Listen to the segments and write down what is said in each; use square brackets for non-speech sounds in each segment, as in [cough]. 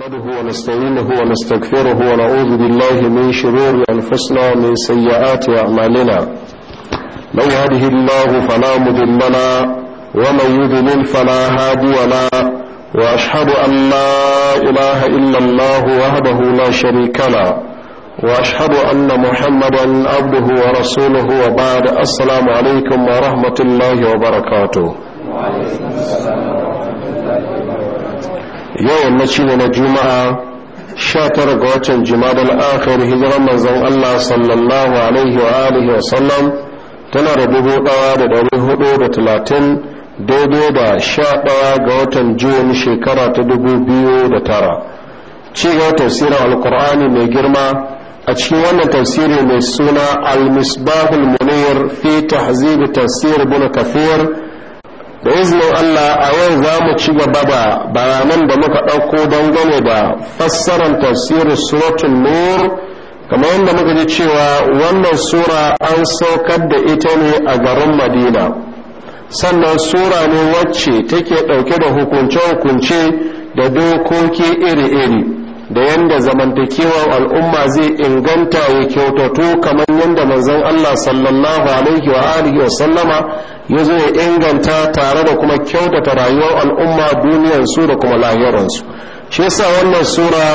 نحمده ونستعينه ونستغفره ونعوذ بالله من شرور أنفسنا من سيئات أعمالنا من يهده الله فلا مضل ومن يضلل فلا هادي وأشهد أن لا إله إلا الله وحده لا شريك له وأشهد أن محمدا عبده ورسوله وبعد السلام عليكم ورحمة الله وبركاته وعليكم السلام yau yammaci ne na juma'a sha tara ga watan jimadal akhir hijiran manzon Allah sallallahu alaihi wa alihi wa sallam tana da dubu ɗaya da dari hudu da talatin daidai da sha ɗaya ga watan jun shekara ta dubu biyu da tara ci ga tafsirin alkur'ani mai girma a cikin wannan tafsiri mai suna al-misbahul munir fi tahzib tafsir ibn kafir da izinin Allah a yau za mu ci gaba da bayanan da muka ɗauko gane da fassarar tafsirin suratun nur kamar yadda muka ji cewa wannan sura an saukar da ita ne a garin madina sannan sura ne wacce take ɗauke da hukunce-hukunce da dokoki iri-iri da yadda zamantakewar al'umma zai inganta ya kyautatu kamar yadda manzon Allah sallallahu alaihi wa alihi wa sallama ya zo ya inganta tare da kuma kyautata rayuwar al'umma duniyar su da kuma lahirarsu shi yasa wannan sura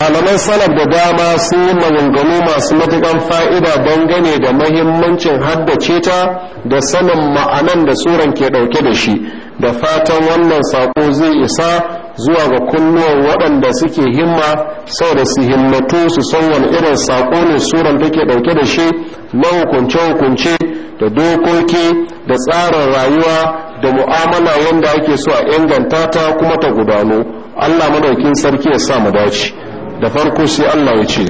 malaman salaf da dama sun yi maganganu masu matukan fa'ida gane da mahimmancin haddace ta da sanin ma'anan da suran ke ɗauke da shi da fatan wannan sako zai isa zuwa ga kunnuwan waɗanda suke himma sau da su himmatu su san wani irin sako ne suran take ɗauke da shi na hukunce-hukunce da dokoki da tsarin rayuwa da mu'amala wanda ake so a inganta ta kuma ta gudano Allah madaukin sarki ya sa mu dace da farko sai Allah ya ce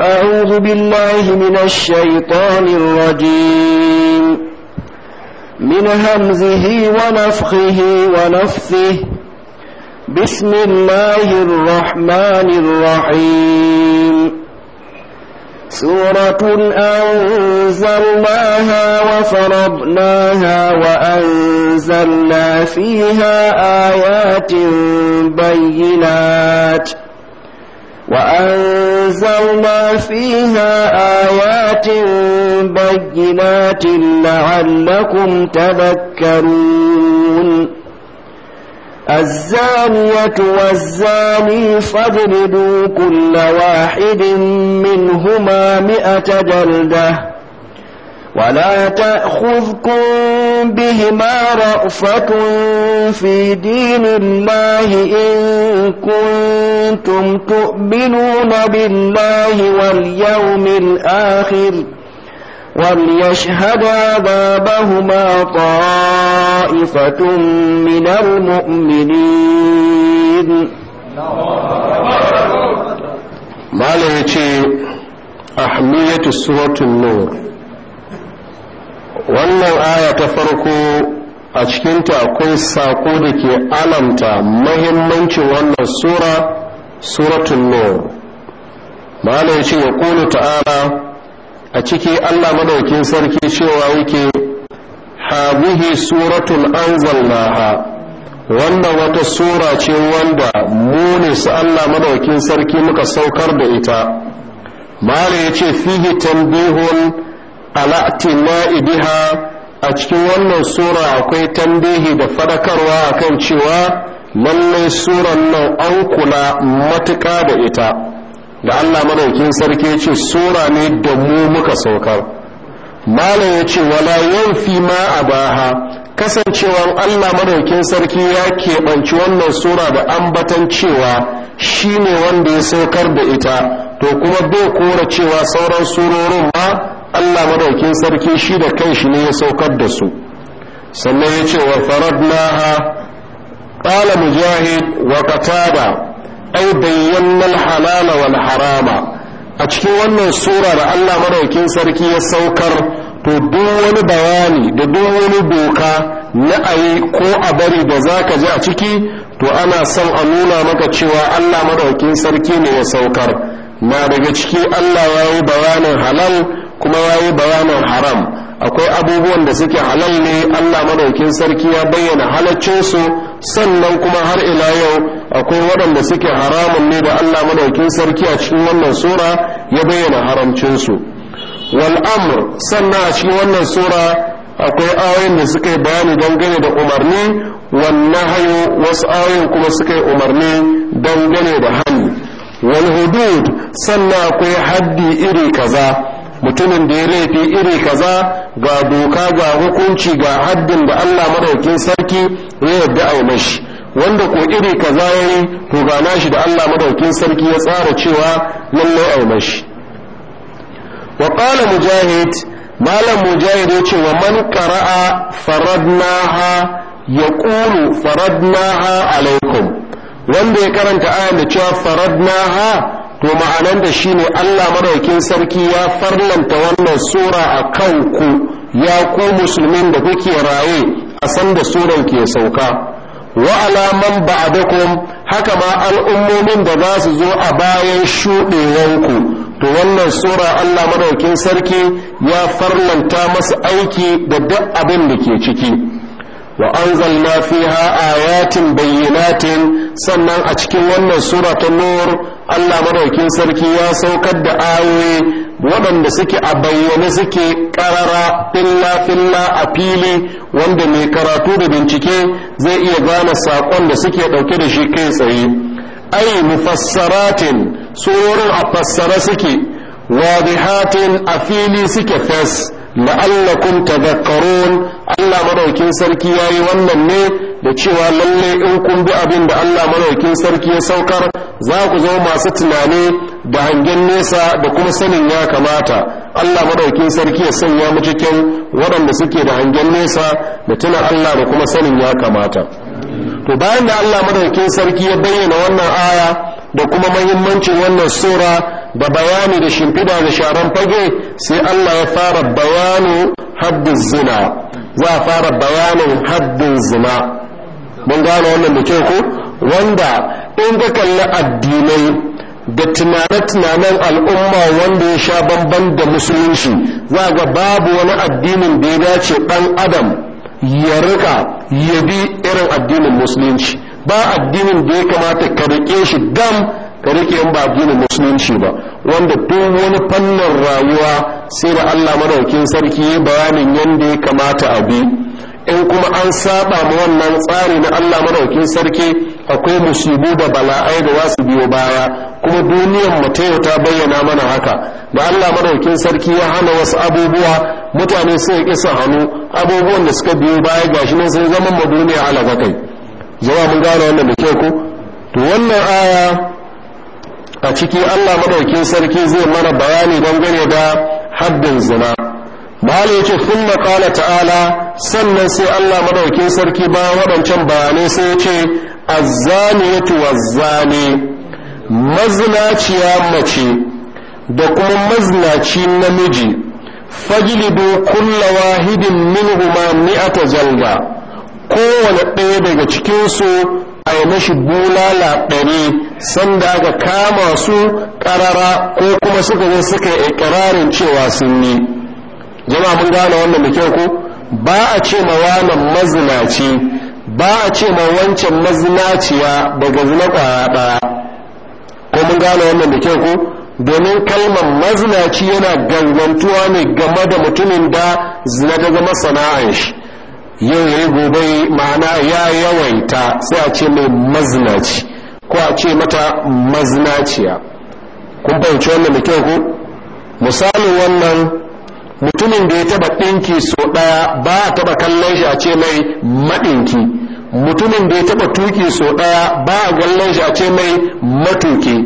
أعوذ بالله من الشيطان الرجيم من همزه ونفخه ونفثه بسم الله الرحمن الرحيم سورة أنزلناها وفرضناها وأنزلنا فيها آيات بينات وأنزلنا فيها آيات بينات لعلكم تذكرون الزانية والزاني فاضربوا كل واحد منهما مئة جلدة ولا تأخذكم بهما رأفة في دين الله إن كنتم تؤمنون بالله واليوم الآخر وليشهد عذابهما طائفة من المؤمنين ما ليتي أهمية سورة النور wannan aya ta farko a cikinta akwai saƙo da ke alamta mahimmancin wannan sura suratul nur ma'ana ya ce ya ta'ala a ciki allah madaukin sarki cewa yake habihi suratul anzalnaha wannan wata sura ce wanda mu su allah madaukin sarki muka saukar da ita mare ya ce fihi tambihun ala'tima'i biha a cikin wannan sura akwai tambihi da fadakarwa akan cewa lallai suran nan an kula matuƙa da ita da Allah madaukin sarki ya ce sura ne da mu muka saukar malam ya ce wala fi ma a baha kasancewar Allah madaukin sarki ya keɓanci wannan sura da ambatan cewa shi ne wanda ya saukar da ita to kuma bai kora cewa sauran surorin ma Allah madaukin sarki shi da kanshi ne ya saukar da su sannan ya ce wa faradnaha qala mujahid wa qatada ai bayyana halala wal harama a cikin wannan sura da Allah maɗaukin sarki ya saukar to duk wani bayani da duk wani doka na ayi ko a bari da zaka ji a ciki to ana son a nuna maka cewa Allah maɗaukin sarki ne ya saukar na daga ciki Allah ya yi bayanin halal kuma ya yi bayanin haram akwai abubuwan da suke halal ne allah madaukin sarki ya bayyana halaccinsu sannan kuma har ila yau akwai waɗanda suke haramun ne da allah madaukin sarki a cikin wannan sura ya bayyana haramcinsu amr sannan a cikin wannan sura akwai ayoyin da suke bani bayani dangane da umarni wannan hayo wasu ayoyin kuma suke umarni dangane da hani? wal hudud sannan akwai haddi iri kaza mutumin da ya laifi iri kaza ga doka ga hukunci ga haddin da Allah madaukin sarki ya yarda a mashi wanda ko iri kaza yayi to ga nashi da Allah madaukin sarki ya tsara cewa lallai a mashi wa qala mujahid malam mujahid ya ce wa man qara'a faradnaha yaqulu faradnaha alaikum wanda ya karanta ayan da cewa faradnaha to ma'anan da shi ne Allah madaukin sarki ya farlanta wannan sura a kan ku ya ku musulmin da kuke raye a san da suran ke sauka wa alaman ba'dakum haka ma al'ummomin da za su zo a bayan shuɗewanku to wannan sura Allah madaukin sarki ya farlanta masu aiki da duk abin da ke ciki anzalna fiha ayatin بينات sannan a cikin wannan sura ta nur Allah madaukin sarki ya saukar da ayoyi waɗanda suke a bayyane suke ƙarara filla-filla a fili wanda mai karatu da bincike zai iya gane saƙon da suke ɗauke da shi kai tsaye ai mufassaratin surorin a fassara suke wadihatin a fili suke fes la'allakum tadhakkarun Allah madaukin sarki yayi wannan ne da cewa lalle in kun bi abin da Allah madaukin sarki ya saukar za ku zo masu tunani da hangen nesa da kuma sanin ya kamata Allah madaukin sarki ya sanya mu cikin waɗanda suke da hangen nesa da tuna Allah da kuma sanin ya kamata to bayan da Allah madaukin sarki ya bayyana wannan aya da kuma muhimmancin wannan sura da bayani da shimfida da sharan fage sai Allah ya fara bayanin haddin zina za a fara bayanin haddin zina mun gane wannan da kyau ko wanda in ka kalli addinai da tunane-tunanen al'umma wanda ya sha bamban da musulunci za ga babu wani addinin da ya dace ɗan adam ya rika ya bi irin addinin musulunci ba addinin da ya kamata ka riƙe shi gam. ka rike in ba addinin musulunci ba wanda duk wani fannin rayuwa sai da Allah madaukin sarki bayanin yadda ya kamata a bi in kuma an saba ma wannan tsari na Allah madaukin sarki akwai musibu da bala'ai da za su biyo baya kuma duniyar mu ta bayyana mana haka da Allah madaukin sarki ya hana wasu abubuwa mutane sai kisa hannu abubuwan da suka biyo baya gashi nan sai zaman mu duniya alaka kai jama'a mun gane wannan da kyau ko to wannan aya a ciki Allah madaukin sarki zai mara bayani dangane da haddin zina bala yake kuma qala ta'ala sannan sai Allah madaukin sarki ba wadancan bayanai sai ya ce azzaniyatu wazzani mazinaciya mace da kuma mazinaci namiji fajlidu kulla wahidin minhuma mi'ata zalga kowane ɗaya daga cikinsu a yi mashi bulala ɗari sanda ga kama su ƙarara ko kuma suka zo suka yi cewa sun yi jama mun gane wannan da kyau ko ba a ce ma wannan mazinaci ba a ce ma wancan mazinaciya daga zina ƙwara ɗaya ko mun gane wannan da kyau ko domin kalmar mazinaci yana gangantuwa ne game da mutumin da zina ta zama sana'ar shi yau yayi gobe ma'ana ya yawaita sai a ce mai maznaci ko a ce mata mazinaciya kun fahimci wannan da kyau ku. misalin wannan mutumin da ya taba ɗinki so ɗaya ba a taba kallon shi a ce mai maɗinki mutumin da ya taba tuki so ɗaya ba a kallon shi a ce mai matuki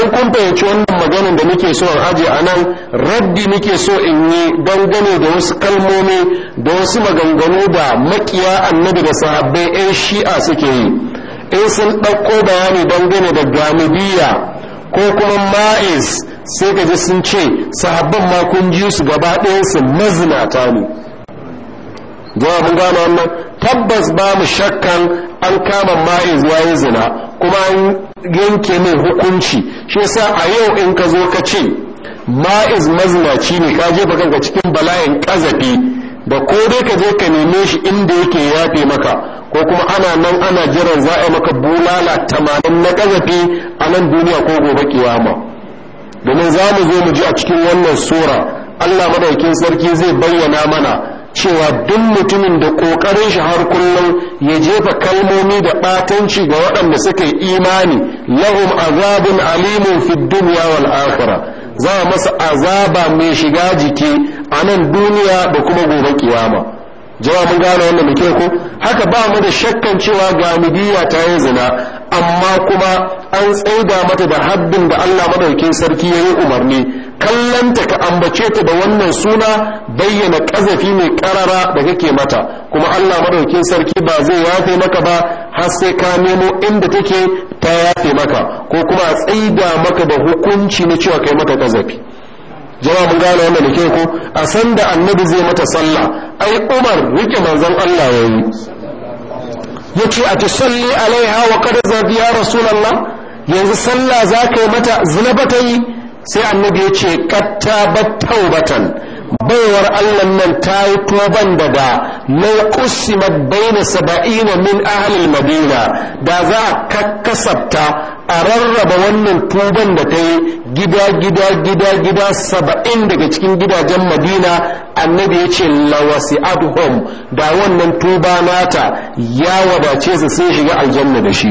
in kun fahimci wannan maganin da nake so in aje a nan raddi nake so in yi dangane da wasu kalmomi da wasu maganganu da makiya annabi da sahabbai 'yan shi'a suke yi in sun ɗauko bayani dangane da gamibiya ko kuma ma'is sai ka ji sun ce sahabban ma kun ji su gaba ɗayansu mazinata ne jawabin wannan tabbas ba mu shakkan an kama ma'is yayin zina kuma yanke min hukunci shi yasa a yau in ka zo ka ce ma'iz mazmaci ne ka jefa kanka cikin bala'in kazafi da ko dai ka je ka neme shi inda yake yafe maka ko kuma ana nan ana jiran za a maka bulala tamanin na kazafi a nan duniya ko gobe kiyama domin za mu zo mu ji a cikin wannan sura Allah madaukin sarki zai bayyana mana cewa duk mutumin da ƙoƙarin shi har kullum ya jefa kalmomi da ɓatanci ga waɗanda suka yi imani lahum azabun alimun fi dunya wal akhirah za a masa azaba mai shiga jiki a nan duniya da kuma gobe kiyama Jawa mun gane wannan muke ko haka ba mu da shakkan cewa ga mudiya ta yi zina amma kuma an tsaida mata da haddin da Allah madaukin sarki ya yi umarni kallanta ka ambace ta da wannan suna bayyana kazafi mai karara da kake mata kuma Allah madaukin sarki ba zai yafe maka ba har sai ka nemo inda take ta yafe maka ko kuma a tsaida maka da hukunci na cewa kai mata kazafi jama'a mun gane wannan da ko a san da annabi zai mata sallah ai Umar rike manzon Allah yayi yace a tusalli alaiha wa qad zabiya rasulullah yanzu sallah za yi mata zina ba ta yi sai annabi ya ce katta battaubatan baiwar allah nan ta yi tuban daga mai kusimat baina saba'ina min ahalil madina da za a kakkasabta a rarraba wannan tuban da ta yi gida gida gida gida saba'in daga cikin gidajen madina annabi ya ce lawasi adhum da wannan tuba nata ya wadace su sun shiga aljanna da shi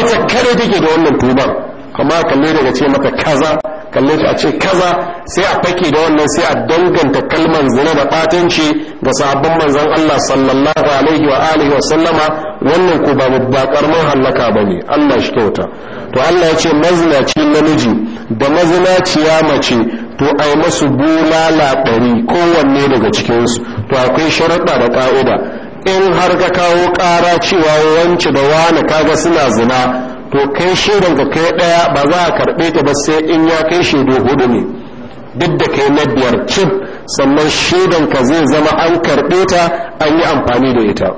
ita kare take da wannan tuban kama kalle daga ce mata kaza kalle ta ce kaza sai a fake da wannan sai a danganta kalman zina da batanci ga sabon manzon Allah sallallahu alaihi wa alihi wa sallama wannan ko ba ba karman halaka bane Allah shi kyauta to Allah ya ce mazinaci namiji da mazinaciya mace to ai masu bulala ɗari kowanne daga cikin cikinsu to akwai sharaɗa da ƙa'ida in har ka kawo ƙara cewa wance da wani kaga suna zina to kai shaidan ka kai daya ba za a karbe ta ba sai in ya kai shaidu hudu ne duk da kai na biyar cif sannan shaidan ka zai zama an karbe ta an yi amfani da ita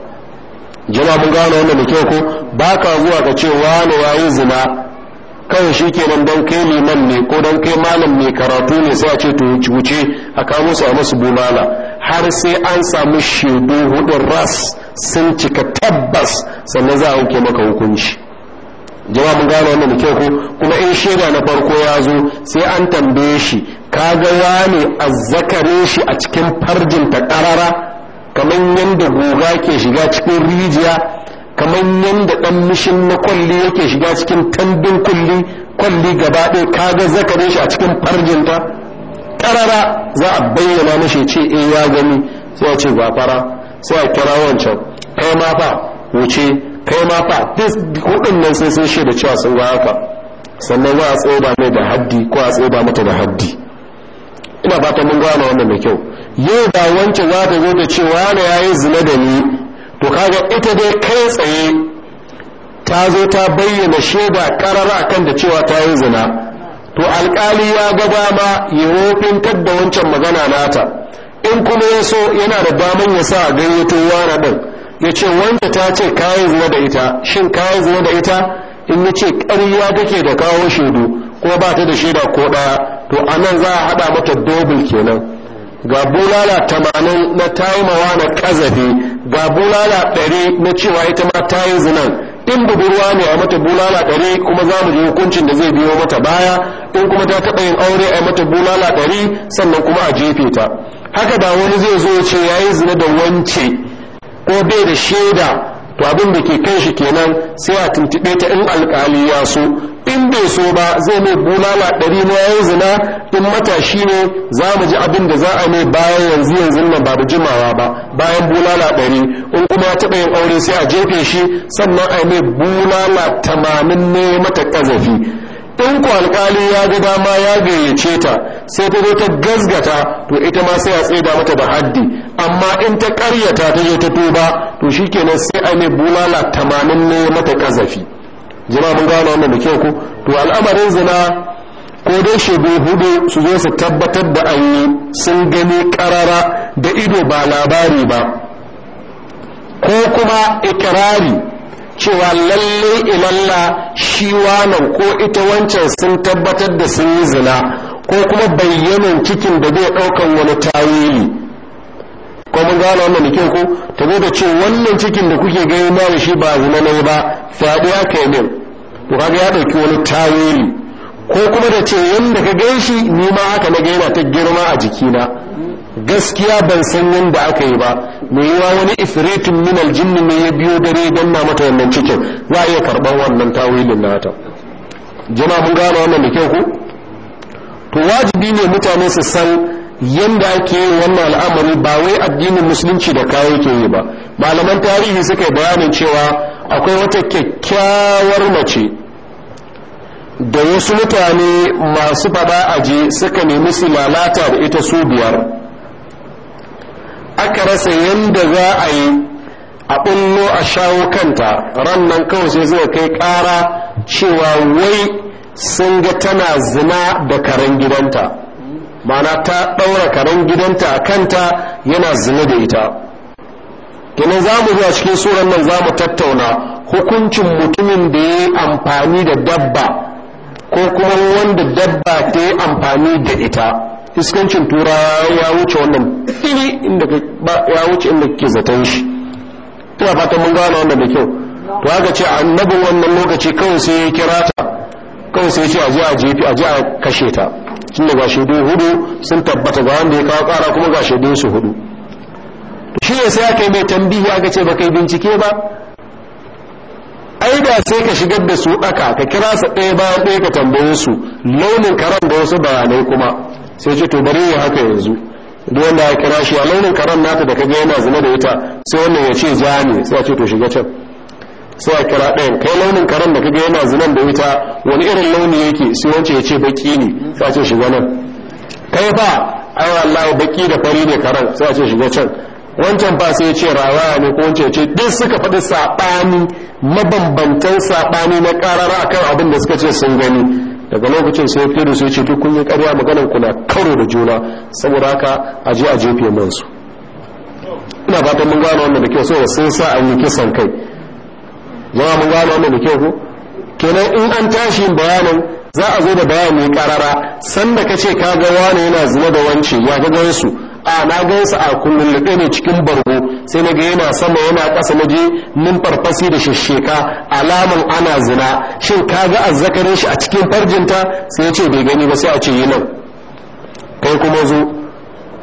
jama mun gano wannan da kyau ko ba ka zuwa ka ce wani yayi zina kawai shi kenan don kai liman ne ko don kai malam ne karatu ne sai a ce to wuce a kawo musu a musu bulala har sai an samu shaidu hudun ras sun cika tabbas sannan za a yanke maka hukunci jama'a mun gane wannan kyau ko kuma in shaida na farko ya zo sai an tambaye shi kaga wane azzakare shi a cikin farjin ta karara kamar yadda goga ke shiga cikin rijiya kamar yadda dan mishin na kwalli yake shiga cikin tandin kulli kwalli gaba ɗaya kaga zakare shi a cikin farjin ta karara za a bayyana mishi ce eh ya gani sai a ce gafara sai a kira wancan kai ma fa wuce kai ma fa duk hudun nan sai sun shaida cewa sun ga haka sannan za a tsoba mai da haddi ko a tsoba mata da haddi ina ba mun gane wannan da kyau yau da wancan za ta zo da cewa na yayi zina da ni to kaga ita dai kai tsaye ta zo ta bayyana shaida karara akan da cewa ta yi zina to alkali ya ga dama ya wofintar da wancan magana nata in kuma ya so yana da daman ya sa gayyato wani din ya ce wanda ta ce kayi zuwa da ita shin kayi zuwa da ita in ya ce ƙarya take da kawo shaidu ko ba ta da shaida ko ɗaya to a nan za a haɗa mata dobil kenan ga bulala tamanin na taimawa na kazafi ga bulala ɗari na cewa ita ma ta yi zinan in budurwa ne a mata bulala ɗari kuma za mu ji hukuncin da zai biyo mata baya in kuma ta taɓa yin aure a mata bulala ɗari sannan kuma a jefe ta haka da wani zai zo ce ya yi zina da wance ko bai da shaida to abin da ke kan shi kenan sai a tuntube ta in alkali ya so in bai so ba zai mai bulala ɗari na yayin zina in matashi ne za mu ji abin da za a mai bayan yanzu yanzu nan ba da jimawa ba bayan bulala ɗari in kuma ya taɓa yin aure sai a jefe shi sannan a mai bulala tamanin ne mata ƙazafi in ku alƙali ya ga dama ya gayyace ta sai ta zo ta gazgata to ita ma sai a tsaida mata da haddi amma in ta ƙaryata ta je ta tuba to shikenan sai a mai bulala tamanin ne mata kazafi jima mun gano wannan da kyau ko to al'amarin zina ko dai shaidu hudu su zo su tabbatar da an yi sun gani karara da ido ba labari ba ko kuma ikirari cewa lalle ilalla shi wannan ko ita wancan sun tabbatar da sun yi zina ko kuma bayyanan cikin da zai ɗaukan wani tawili ko mun gane wannan da ta da ce wannan cikin da kuke gani da shi ba zina ne ba fadiya kai min to kaga ya ɗauki wani tawili ko kuma da ce yanda ka gan shi ni ma haka na yana ta girma a jikina gaskiya ban san yadda aka yi ba mai yiwa wani ifritin min aljinn ne ya biyo dare don na mata wannan cikin za a iya karɓar wannan tawilin ta jama'a mun gano wannan da kyau ku to wajibi ne mutane su san yadda ake yin wannan al'amari ba wai addinin musulunci da kawo ke yi ba malaman tarihi suka yi bayanin cewa akwai wata kyakkyawar mace da wasu mutane masu faɗa aje suka nemi su lalata da ita su biyar aka rasa yadda za a yi a ɓullo a shawo kanta ran nan kawai sai zuwa kai ƙara cewa wai sun ga tana zina da karen gidanta mana ta ɗaura karen gidanta a kanta yana zina da ita kenan za mu zuwa cikin suran nan za mu tattauna hukuncin mutumin da ya yi amfani da dabba ko kuma wanda dabba ta yi amfani da ita iskancin tura ya wuce wannan fili inda ba ya wuce inda kake zaton shi ina fatan mun gane wannan da kyau to haka ce annabi wannan lokaci kawai sai ya kira ta kawai sai ya ce a je a jefi a je a kashe ta tun da gashe dai hudu sun tabbata ga wanda ya kawo kara kuma gashe dai su hudu shi ne sai aka yi mai tambihi aka ce ba kai bincike ba ai da sai ka shigar da su ɗaka ka kira su ɗaya bayan ɗaya ka tambaye su launin karan da wasu bayanai kuma sai ce to bari ya haka yanzu duk wanda ya kira shi a launin karan nata da kaga yana zina da ita sai wannan ya ce za ne sai a ce to shiga can sai a kira ɗayan kai launin karan da kaga yana zinan da ita wani irin launi yake sai wancan ya ce baki ne sai a ce shiga nan kai fa ai wallahi baki da fari ne karan sai a ce shiga can wancan ba sai ya ce rawaya ne ko wancan ya ce duk suka faɗi saɓani mabambantan saɓani na ƙarara akan abin da suka ce sun gani daga lokacin sai firu sai ce duk kun yi ƙarya maganar kuna karo da juna saboda haka a je a jefe man su ina fatan mun gano wannan da kyau saboda sun sa an yi kisan kai jama'a mun gano wannan da kyau ko kenan in an tashi bayanin za a zo da bayani karara sanda ka ce ka ga wani yana zina da wance ya ga su a na gansa a kullulluɗe ne cikin bargo sai na ga yana sama yana ƙasa na je min farfasi da shasheka alaman ana zina shin ka ga azzakarin shi a cikin farjinta sai ya ce bai gani ba sai a ce yi nan kai kuma zo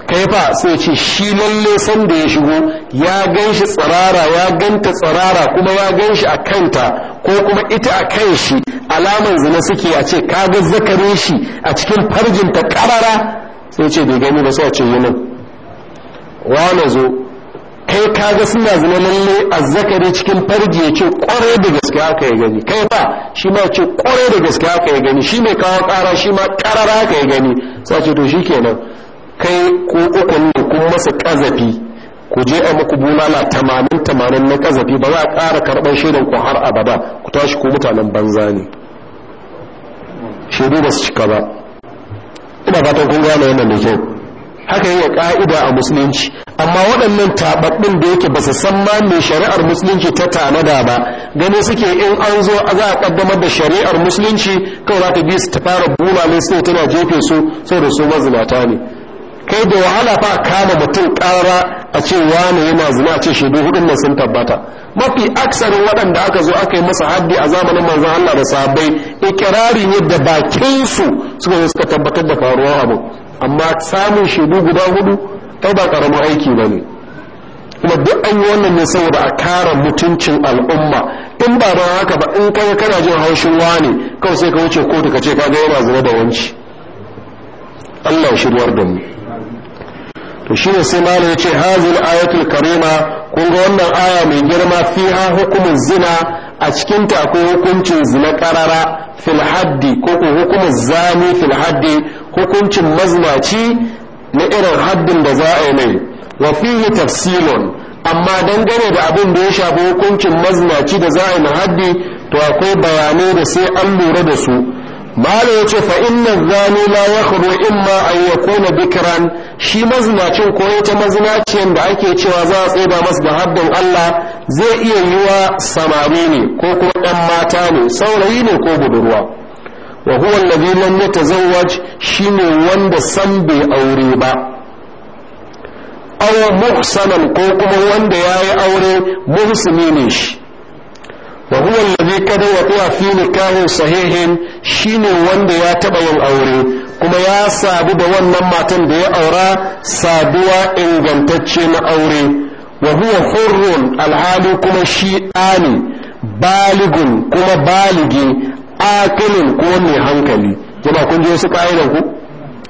kai fa sai ce shi lalle san da ya shigo ya gan shi tsirara ya ganta tsirara kuma ya gan shi a kanta ko kuma ita a kan shi alaman zina suke a ce ka ga zakarin shi a cikin farjinta ƙarara sai ce bai gani ba sai ce yi nan wane zo kai kaga suna zina lalle azzakari cikin farji ya ce kwarai da gaske haka ya gani kai ba shi ma ce kwarai da gaske haka ya gani shi mai kawo kara shi ma karara haka ya gani sai ce to shi kenan kai ko ukun ne kun masa kazafi ku je a muku bulala tamanin tamanin na kazafi ba za a ƙara karɓar shaidan ku har abada ku tashi ku mutanen banza ne shaidu ba su cika ba ina fatan kun gane wannan da kyau haka yi ka'ida a musulunci amma waɗannan taɓaɓɓun da yake ba su san ma mai shari'ar musulunci ta tanada ba gani suke in an zo za a ƙaddamar da shari'ar musulunci kawai za ta bi su ta fara bulale sai tana jefe su da su mazinata ne kai da wahala fa kama mutum ƙara a ce wane yana zina a ce shaidu hudun nan sun tabbata mafi aksarin waɗanda aka zo aka yi masa haddi a zamanin manzan Allah da sahabbai ikirari ne da bakin su suka zo suka tabbatar da faruwar abu amma samun shaidu guda hudu ai ba karamin aiki ba ne kuma duk an yi wannan ne saboda a kare mutuncin al'umma in ba don haka ba in kai kana jin haushin wane kawai sai ka wuce kotu ka ce ka ga yana zina da wanci Allah shiryar da mu to shi ne sai malam yace hazil ayatul karima kun ga wannan aya mai girma fiha hukumin zina a cikin ta akwai hukuncin zina karara fil haddi ko ko hukumin zani fil haddi hukuncin mazmaci na irin haddin da za a yi mai wa fihi tafsilun amma dangane da abin da ya shafi hukuncin mazmaci da za a yi haddi to akwai bayanai da sai an lura da su mala ya ce fa'innan zani la ya kuro imma a yi kone bikiran shi mazinacin ko ta mazinaciyar da ake cewa za a tsoba masu da haddin Allah zai iya yi wa samari ne ko kuma ɗan mata ne saurayi ne ko budurwa wa huwa ta lam shi ne wanda san bai aure ba Awa muhsanan ko kuma wanda ya yi aure muhsumi ne shi wa huwa allazi kada wa fi nikahin sahihin shine wanda ya taɓa yin aure kuma ya sabu da wannan matan da ya aura sabuwa ingantacce na aure wa huwa hurrun kuma shi baligun kuma baligi akilin ko mai hankali jama kun je wasu ƙa'idan ku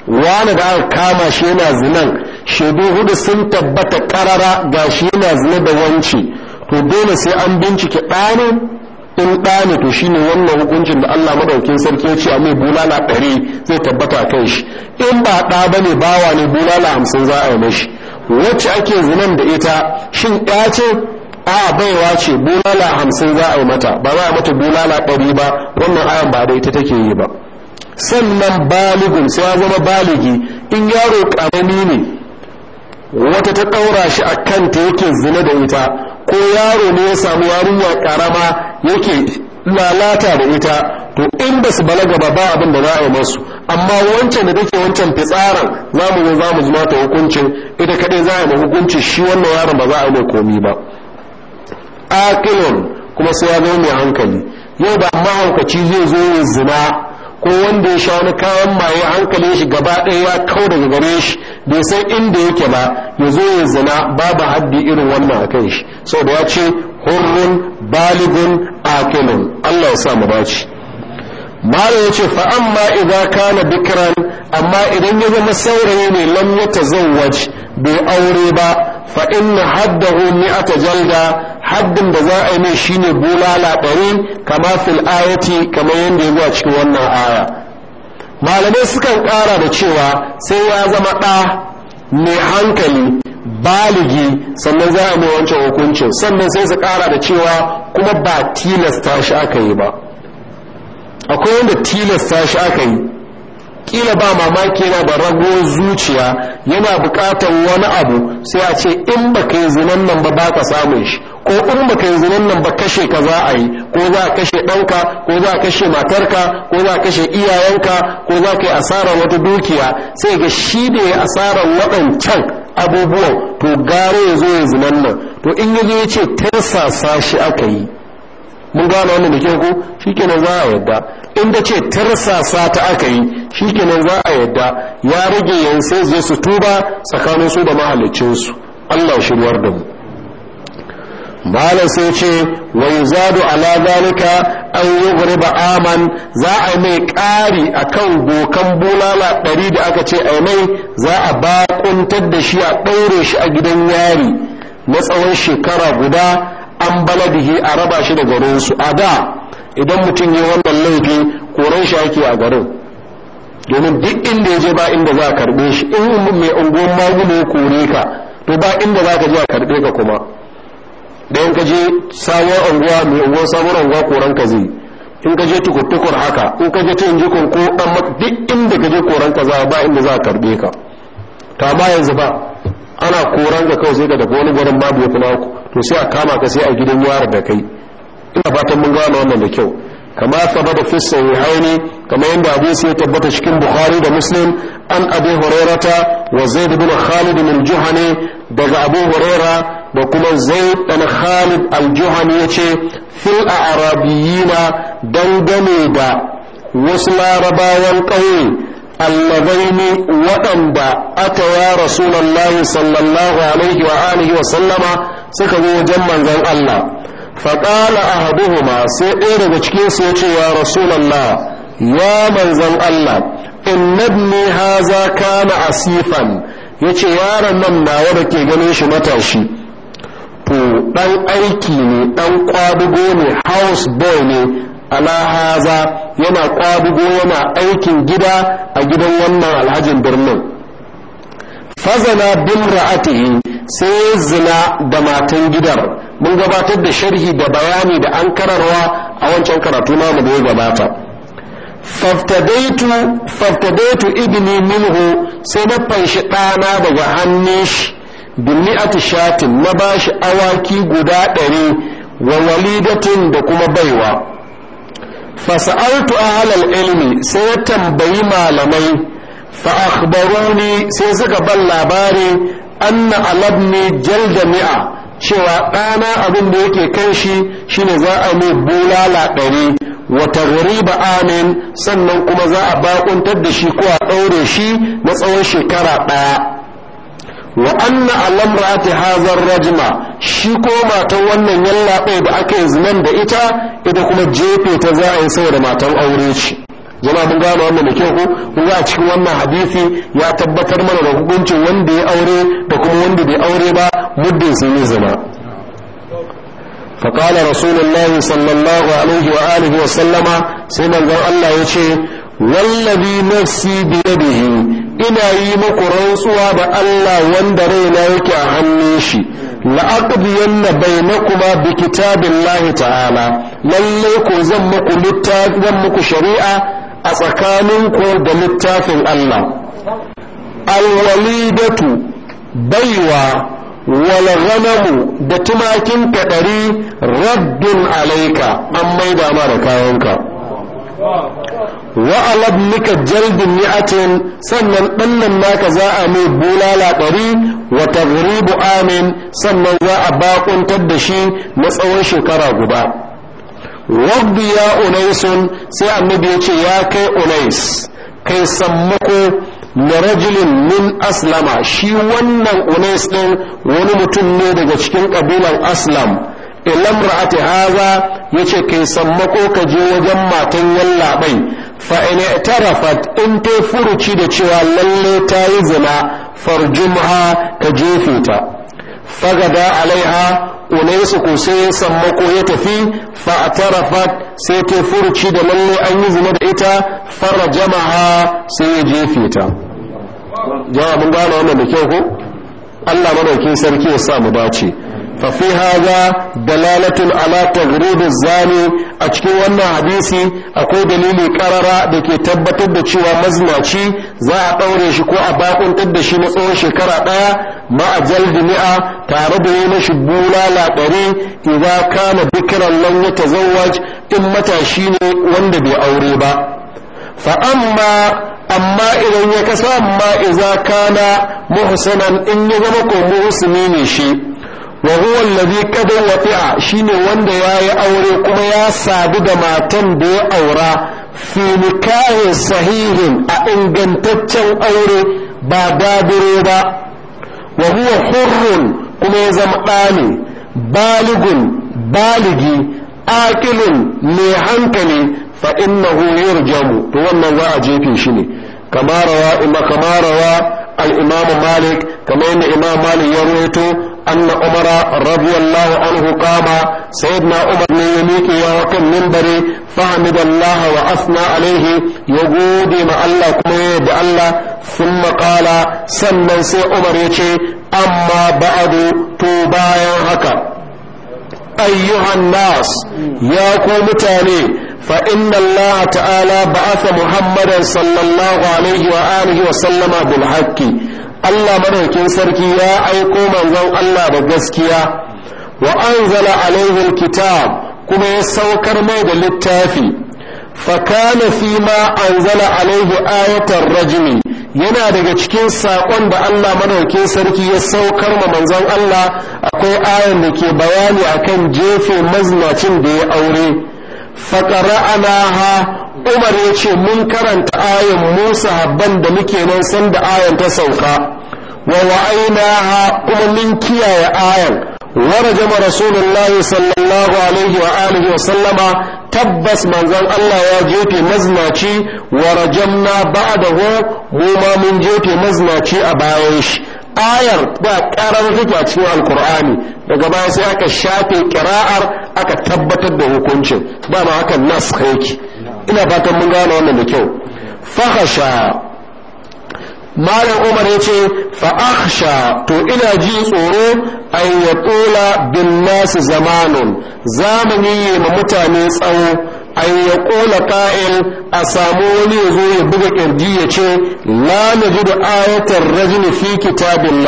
wani da aka kama shi yana zinan shaidu hudu sun tabbata ƙarara gashi yana zina da wanci to dole sai an bincike ɗanin in ɗane to shine wannan hukuncin da Allah madaukin sarki ya ce a mai bulala ɗari zai tabbata kan shi in ba ɗa ba ne bawa ne bulala hamsin za a yi mashi wacce ake zinan da ita shin ya ce a baiwa ce bulala hamsin za a yi mata ba za a mata bulala ɗari ba wannan ayan ba da ita take yi ba sannan baligun sai ya zama baligi in yaro ƙarami ne wata ta ɗaura shi a kanta yake zina da ita ko yaro ne ya samu yarinya karama yake lalata da ita to in ba su balaga ba ba abin da za a yi masu amma wancan da take wancan fitsarin za mu zo za mu zama ta hukuncin ita kadai za a yi hukuncin shi wannan yaron ba za a yi mai komi ba akilon kuma sai ya zama mai hankali yau da mahaukaci zai zo yin zina ko wanda ya sha wani kayan maye hankali shi gaba ɗaya ya kau daga gare shi bai san inda yake ba ya zo ya zina babu haddi irin wannan a kan shi saboda ya ce hurrun baligun akilin allah ya sa mu dace mara ya ce fa amma idan kana bikran amma idan ya zama saurayi ne lam ya tazawwaj bai aure ba fa inna haddahu ta jalda haddin da za a yi mai ne bulala ɗari kama fil ayati kamar yadda ya zuwa cikin wannan aya malamai sukan ƙara da cewa sai ya zama ɗa mai hankali baligi sannan za a mai wancan hukuncin sannan sai su ƙara da cewa kuma ba tilasta shi aka yi ba akwai wanda tilasta shi aka yi kila ba mamaki yana da rago zuciya yana bukatar wani abu sai a ce in ba ka yi zinan nan ba baka samun shi ko in ba ka yi zinan nan ba kashe ka za a yi ko za a kashe ɗanka ko za a kashe matarka ko za a kashe iyayenka ko za ka yi asarar wata dukiya sai ga shi da ya asarar waɗancan abubuwan to gare ya zo ya zinan nan to in ya zo ya ce tarsasa shi aka yi mun gane wannan da kyau ko shikenan za a yadda in da ce tarsasa ta aka yi shikenan za a yadda ya rage yanzu zai su tuba tsakanin su da mahallicin su Allah shirwar da mu malam sai ce wa yuzadu ala zalika an yughriba aman za a mai ƙari akan bokan bulala ɗari da aka ce a mai za a bakuntar da shi a ɗaure shi a gidan yari na tsawon shekara guda an baladihi a raba shi da garinsu a da idan mutum ya wannan laifi koran shi ake a garin domin duk inda ya je ba inda za a karbe shi in mai unguwar magulo ya kore ka to ba inda za ka je a karbe ka kuma da in ka je sabuwar unguwa mai unguwar sabuwar unguwa koran ka zai in ka je tukur haka in ka je ta yanzu ko dan duk inda ka je koran ka za ba inda za a karbe ka ta ma yanzu ba ana koran ka kawai sai ka tafi wani gurin babu ya kuma to sai a kama ka sai a gidan yaro da kai ina fatan mun gane wannan da kyau kama sabata fi sahihaini kama yadda abin sai tabbata cikin bukhari da muslim an abu hurairata wa zaid bin khalid min juhani daga abu huraira da kuma zai dan khalid al-juhani ce fil arabiyina dangane da wasu larabawan ƙauye allazaini waɗanda aka ya rasulallahi sallallahu alaihi wa wa sallama suka zo wajen manzon Allah faƙala ahaduhuma sai ɗaya daga cikin su ce ya rasulallah ya manzon Allah innabni haza kana asifan yace yaron nan nawa da ke ganin shi matashi to ɗan aiki ne ɗan kwadugo ne house boy ne ala haza yana kwadugo yana aikin gida a gidan wannan alhajin birnin fazana bin ra'atihi sai zina da matan gidar mun gabatar da sharhi da bayani da an kararwa a wancan karatu namu da ya gabata faftadaitu ibni minhu sai na fanshi ɗana daga hannun shi bin shatin na bashi awaki guda ɗari wa walidatin da kuma baiwa fasa'artu halar ilmi sai ya tambayi malamai fa akhbaruni sai suka ban labari anna alabni jalda mi'a cewa ɗana abin da yake kan shi shine za a mai bulala ɗari wata ghariba amin sannan kuma za a bakuntar da shi ko a ɗaure shi na tsawon shekara ɗaya wa anna al'amrati hazar rajma shi ko matan wannan yallaɓe da aka yi da ita ita kuma jefe ta za a yi saboda matan aure ce jama mun gano wannan da kyau ku ga a cikin wannan hadisi ya tabbatar mana da hukuncin wanda ya aure da kuma wanda bai aure ba muddin sun yi zina فقال رسول sallallahu alaihi الله عليه وآله وسلم سيما allah ya ce. wallabi nafsi biyadihi ina yi muku rantsuwa da Allah wanda raina yake a hannun shi la'aqdiyanna bainakuma bi kitabillahi ta'ala lalle ku zan muku littafi zan muku shari'a a tsakanin ku da littafin Allah alwalidatu baiwa wal ghanamu da tumakin ka raddun alaika an maida ma da kayanka wa'alab nika jaldin mi'atin sannan 'dannan naka za a mai bulala ɗari wa taghribu amin sannan za a bakuntar da shi na tsawon shekara guda wadda ya unaisun sai annabi ya ce ya kai unais kai sammako na rajulin min aslama shi wannan unais ɗin wani mutum ne daga cikin ƙabilan aslam ilam ra'ati haza yace kai sammako ka je wajen matan yallaɓai ina tarafat in ta furuci da cewa lalle ta yi zina farjumha ka jefe ta fagada alaiha unaisu ko sai ya sammako ya tafi fa'atarafat sai ta furuci da lalle an yi zina da ita fara jama'a sai ya jefe ta jawabin gane wannan da kyau ko allah madaukin sarki ya sa mu dace ففي هذا دلالة على تغريب الزاني أشكي وانا حديثي أقول دليل قرر دكي تبت دكي ومزناتي زا أطوري شكو أباقون تدشي نصوه شكرا مع جلد مئة تعرضه نشبولا لا طري إذا كان بكرا لن يتزوج إما تشيني وانا بأوريبا فأما amma idan ya kasa amma iza kana muhsanan in ya zama ko muhsini ne shi wa huwa allazi qad wati'a shine wanda yayi aure kuma ya sadu da matan da ya aura fi nikahi sahihin a ingantaccen aure ba dabiro ba wa huwa hurrun kuma ya zama ɗani baligun baligi akilun mai hankali fa innahu yurjamu to wannan za a jefe shi ne kamarawa ima kamarawa malik kamar yadda imam malik ya ruwaito أن عمر رضي الله عنه قام سيدنا عمر من يميك وكم منبري فحمد الله وأثنى عليه يقود مع الله كميد الله ثم قال سنن سي عمر يتي أما بعد توبايا هكا أيها الناس يا متاني فإن الله تعالى بعث محمدا صلى الله عليه وآله وسلم بالحق Allah madaukin sarki ya aiko manzon Allah da gaskiya wa anzala alaihi alkitab kuma ya saukar mai da littafi fakana fi ma anzala alaihi ayatar rajmi yana daga cikin saƙon da Allah madaukin sarki ya saukar ma manzon Allah akwai ayan da ke bayani akan jefe maznacin da ya aure faƙara'ana ha umar ya ce mun karanta ayan musa habban da muke nan san da ayan ta sauka wa wa'ainaha kuma mun kiyaye ayan wara jama rasulullahi sallallahu alaihi wa alihi wa sallama tabbas manzon Allah ya jefe maznaci wa rajamna ba'dahu mu ma mun jefe maznaci a bayan shi ayar ba karar rika cikin alqur'ani daga baya sai aka shafe qira'ar aka tabbatar da hukuncin ba ma hakan nas yake ina fatan mun gane wannan da kyau fahasha malam umar ya ce fa'aksha to ina ji tsoro an ya ƙola bin nasu zamanun zamani ne ma mutane tsawo an ya ƙola ƙa'il a samu wani ya zo ya buga ƙirji ya ce la na ji da ayatar rajin fi kitabin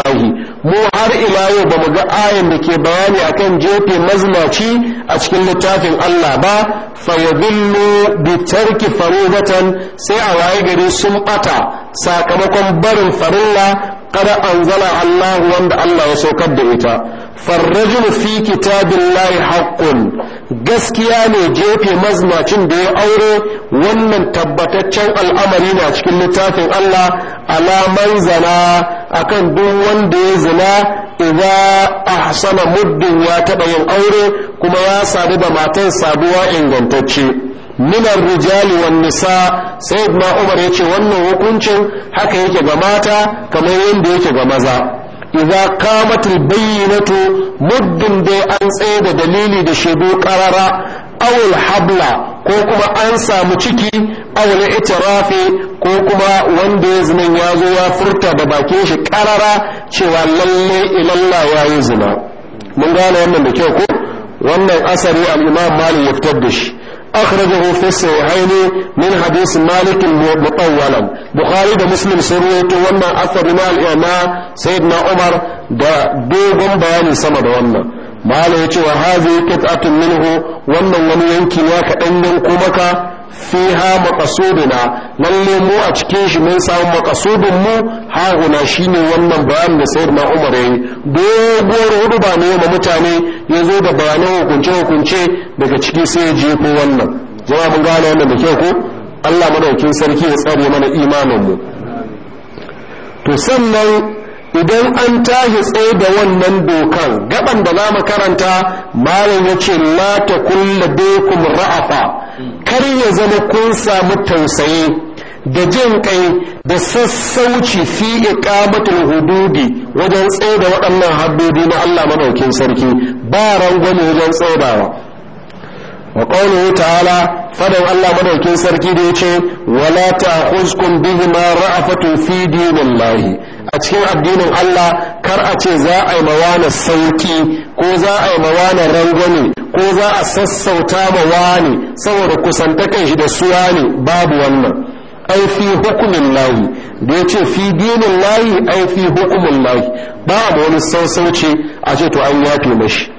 mu har ila yau ba mu ga ayan da ke bayani akan jefe mazmaci a cikin littafin Allah ba fa yadullu bi tarki farudatan sai a waye gari sun bata sakamakon barin farilla kada anzala Allah wanda Allah ya saukar da ita فالرجل في كتاب الله حق gaskiya ne jefe maznacin da ya aure wannan tabbataccen al'amari na cikin littafin Allah alaman zana akan duk wanda ya zina idza ahsana muddin ya taɓa yin aure kuma ya sadu da matan sabuwa ingantacce minar rijali wan nisa ma umar ya ce wannan hukuncin haka yake ga mata kamar yadda yake ga maza idza qamatil bayyinatu muddin dai an tsaye da dalili da shaidu karara awul habla ko kuma an samu ciki awul itirafi ko kuma wanda ya zina ya zo ya furta da bakin shi qarara cewa lalle ilallah yayi zina mun gane wannan da kyau ko wannan asari al-imam malik ya fitar da shi أخرجه في الصحيحين من حديث مالك مطولا بخاري ده مسلم سرويته وما أثر ما الإعماء سيدنا عمر ده دوغم بياني سمد وما ما له يتوى هذه قطعة منه وما ومن ينكي ياك أن ينكو مكا fiha maqasuduna lalle mu a cikin shi mun samu maqasudin mu haguna shine wannan bayanin da na Umar yayi doguwar ba ne ma mutane yazo da bayanan hukunce hukunce daga ciki sai ya je ko wannan jama'a mun gane wannan da kyau ko Allah madaukin sarki ya tsare mana imanin mu to sannan idan an tashi tsaye da wannan dokan gaban da za mu karanta malam ya ce la ta kulla bekum ra'afa kar ya zama kun samu tausayi da jin kai da sassauci fi iqamatul hududi wajen tsaye da waɗannan haddodi na Allah madaukin sarki ba rangwame wajen tsayawa wa qawluhu ta'ala fadan Allah madaukin sarki da yace wala ta'khuzkum bihima ra'afatun fi dinillahi a cikin addinin Allah kar a ce za a yi mawana sauki ko za a yi mawana rangwame ko za a sassauta mawane saboda kusantakan shi da suwa ne babu wannan ai fi hukumin layi da ya ce fi dinin layi ai fi hukumin layi ba a wani sassauce a ce to an yafe mashi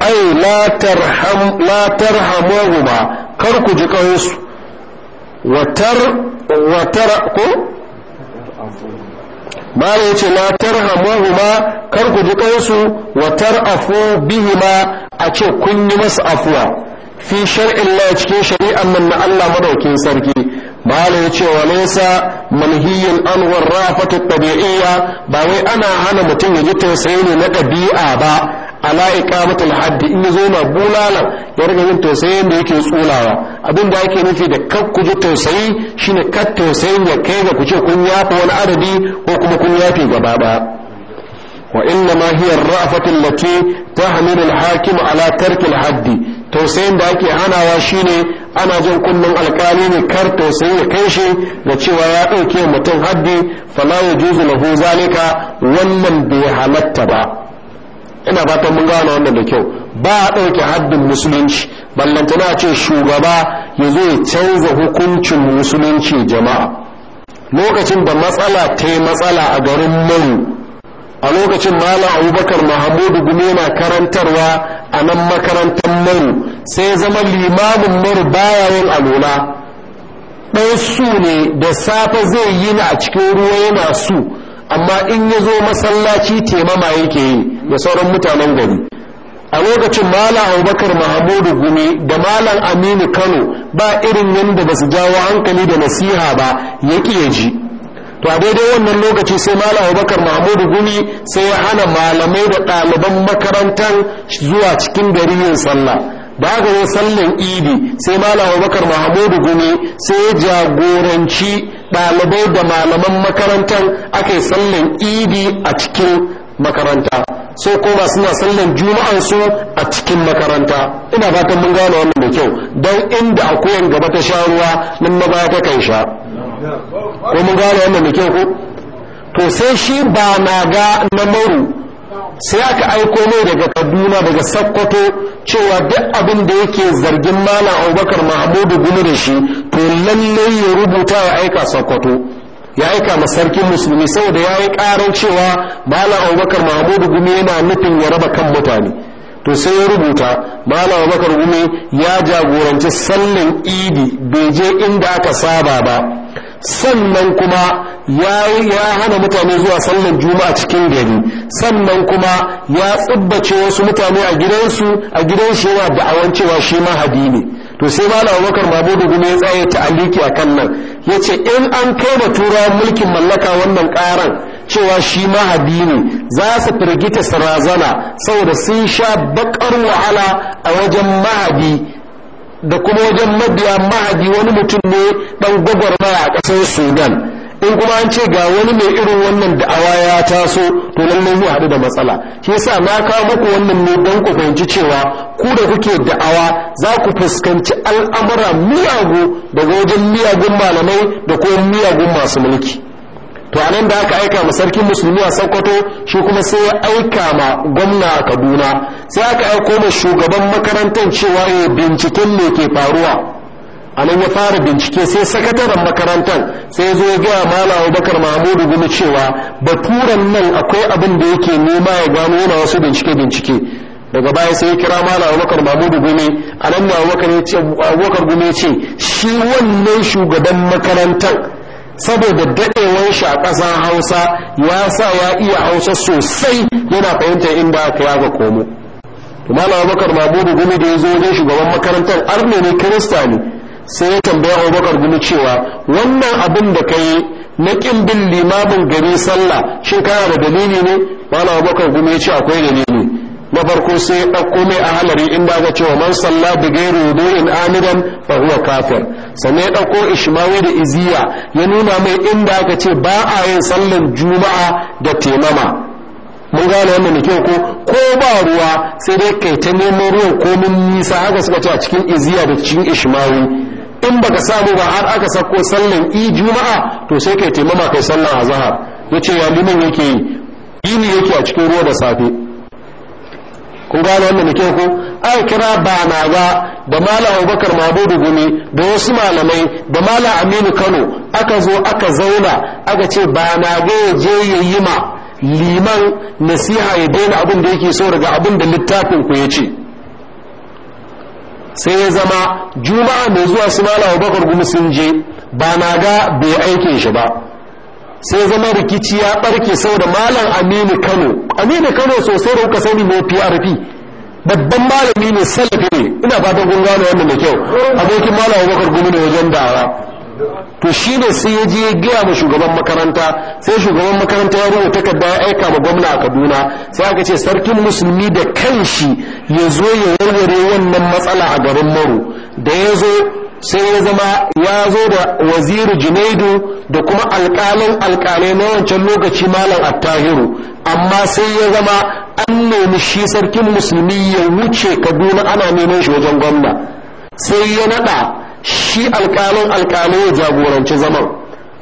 ai la tarhamuhuma kar ku ji kansu watar watar ko bala ce la tarhamuhuma kar ku ji afu bihima a ce kun yi masu afuwa fi shar'illah cikin shari'an nan na Allah madaukin sarki bala ya ce wa nesa manhiyin anwar rafatu tabi'iyya ba wai ana hana mutum ya ji tausayi ne na ɗabi'a ba ala iqamatul haddi in yazo na bulala ya riga yin tausayin da yake tsulawa abin da ake nufi da kar ku ji tausayi shine kar tausayin ya kai ga ku ce kun yafa wani adadi ko kuma kun yafi gaba daya wa inna ma hiya ar-ra'fatu allati tahmilu al-hakim ala tarki al-haddi tausayin da ake hanawa shine ana jin kullum alkali ne kar tausayi ya kai shi da cewa ya dauke mutum haddi fala yajuzu lahu zalika wannan bai halatta ba ina fatan mun gane wannan da kyau ba a ɗauke haddin musulunci ballantana ce shugaba ya zo ya canza hukuncin musulunci jama'a lokacin da matsala ta yi matsala a garin maru a lokacin malam abubakar mahamudu gume na karantarwa a nan makarantar maru sai zama limamin maru baya yin alola ɗan su ne da safe zai yi na a cikin ruwa yana su amma in ya zo masallaci taimama yake yi da sauran mutanen gari a lokacin mala abubakar mahamudu gumi da malam aminu kano ba irin yadda ba su jawo hankali da nasiha ba ya ƙi ji to a daidai wannan lokaci sai malam abubakar mahmudu gumi sai ya hana malamai da ɗaliban makarantar zuwa cikin gari yin sallah da aka yi sallan idi sai malam abubakar mahamudu gumi sai ya jagoranci ɗalibai da malaman makarantar aka yi sallan idi a cikin makaranta so koma suna sallan juma'an su a cikin makaranta ina fatan mun gane wannan da kyau don inda akuyan gaba ta sha ruwa nan na baya ta kan sha ko mun gane wannan da kyau ko to sai shi ba na ga na sai aka aiko mai daga kaduna daga sakkwato cewa duk abin da yake zargin malam abubakar mahmudu gumi da shi to lallai ya rubuta ya aika sakkwato ya aika ma sarkin musulmi saboda ya yi karar cewa malam abubakar mahmudu gumi yana nufin ya raba kan mutane to sai ya rubuta malam abubakar gumi ya jagoranci sannan idi bai je inda aka saba ba sannan kuma ya hana mutane zuwa sallar juma'a cikin gari sannan kuma ya tsubbace wasu mutane a gidansu a gidan shi yana da'awan cewa shi mahadi ne to sai ma abubakar da gume ya tsaye ta aliki a kan nan ya ce in an kai da tura mulkin mallaka wannan karan cewa shi ma ne za su firgita sarazana saboda sun sha bakar wahala a wajen mahadi da kuma wajen mabiya mahadi wani mutum ne dan gwagwarmaya a ƙasar sudan in kuma an ce ga wani mai irin wannan da'awa ya taso to lallai mu haɗu da matsala shi yasa na kawo muku wannan ne don ku fahimci cewa ku da kuke da'awa za ku fuskanci al'amura miyagu daga wajen miyagun malamai da kuma miyagun masu mulki to anan da aka aika ma sarkin musulmi a sokoto shi kuma sai ya aika ma gwamna a kaduna sai aka aiko ma shugaban makarantar cewa ya eh, binciken ne ke faruwa anan ya fara bincike sai sakataren makarantar sai zo ya gaya mala bakar mahmudu gumi cewa baturan nan akwai abin da yake nema ya gano yana wasu bincike bincike daga baya sai ya kira mala abubakar mahmudu gumi a nan da gumi ya ce shi wannan shugaban makarantar saboda daɗewar shi a ƙasar hausa ya sa ya iya hausa sosai yana fahimtar inda ya ya ga komo to malam bakar mabudu gumi da ya zo wajen shugaban makarantar arne ne kirista ne sai ya tambaya bakar gumi cewa wannan abin da ka yi na ƙin bin limamin gari sallah shi kana da dalili ne malam bakar gumi ya ce akwai dalili na farko sai ya ɗauko mai a halari inda aka cewa man salla bi gairu wudu'in amidan fa huwa kafir sannan ya ɗauko ishmawi da iziya ya nuna mai inda aka ce ba a yin sallan juma'a da temama mun gane wannan da kyau ko ko ba ruwa sai dai kai ta neman ruwan komin nisa haka suka ce a cikin iziya da cikin ishmawi in baka samu ba har aka sako sallan i juma'a to sai kai temama kai sallan azhar yace ya liman yake yi yini yake a cikin ruwa da safe kun gane wannan ke ku ai kira ba na ba da malam abubakar mabudu gumi da wasu malamai da malam aminu kano aka zo aka zauna aka ce ba na ga ya je ya yi ma liman nasiha ya daina abin da yake so daga abin da littafin ku ya ce sai ya zama juma'a mai zuwa su malam abubakar gumi sun je ba na ga bai aikin shi ba sai zama rikici ya barke saboda malam aminu kano aminu kano sosai da kuka sani mai prp babban malami ne salafi ne ina fatan kun gane wannan kyau abokin malam abubakar gumi ne wajen dawa to shi ne sai ya je gaya ma shugaban makaranta sai shugaban makaranta ya rubuta takarda ya aika ma gwamna a kaduna sai aka ce sarkin musulmi da kanshi ya zo ya warware wannan matsala a garin maro da ya zo sai ya zama ya zo da waziri junaidu da kuma alƙalin alƙalai na wancan lokaci malam attahiru amma sai ya zama an nemi shi sarkin musulmi ya wuce kaduna ana neman shi wajen gwamna sai ya naɗa shi alƙalin alƙalai ya jagoranci zaman